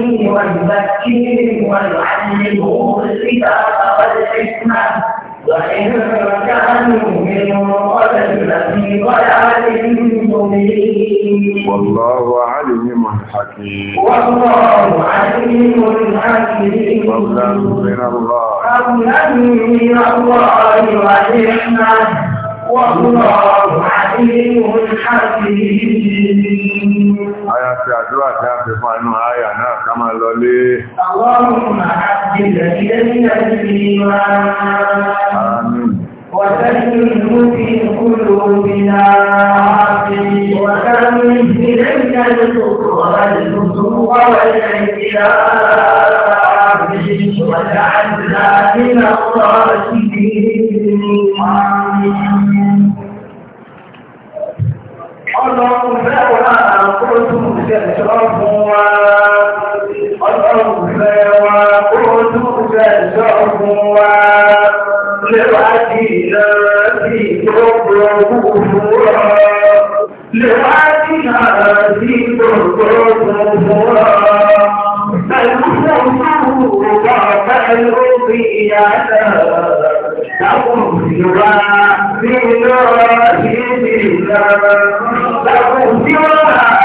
عليه ويزكيهم ويعلمهم الكتاب والحكمة وإن كانوا من قبل في ضلال مبين والله عليم حكيم والله عليم حكيم والله من الله فضلا من الله ونعمة Àyà ti àdúrà tí a fi fún inú àyà náà ká máa lọ lé. Àwọn ọmọ àti ìrẹ̀lẹ́ ní ẹgbẹ̀rẹ̀ وتكن في بنا وكم إليك الكفر والفسوق والعتاب وجعلنا من الراشدين Ọlọ́run fẹ́ wá kó tún ìṣẹ̀ṣọ́ fún wa. Ọlọ́run fẹ́ wá kó tún ìṣẹ̀ṣọ́ fún wa olorun الناس تضربها لوالدها تضربها فالمسلمون بعد الرقية لهم سوى من الله لهم سوى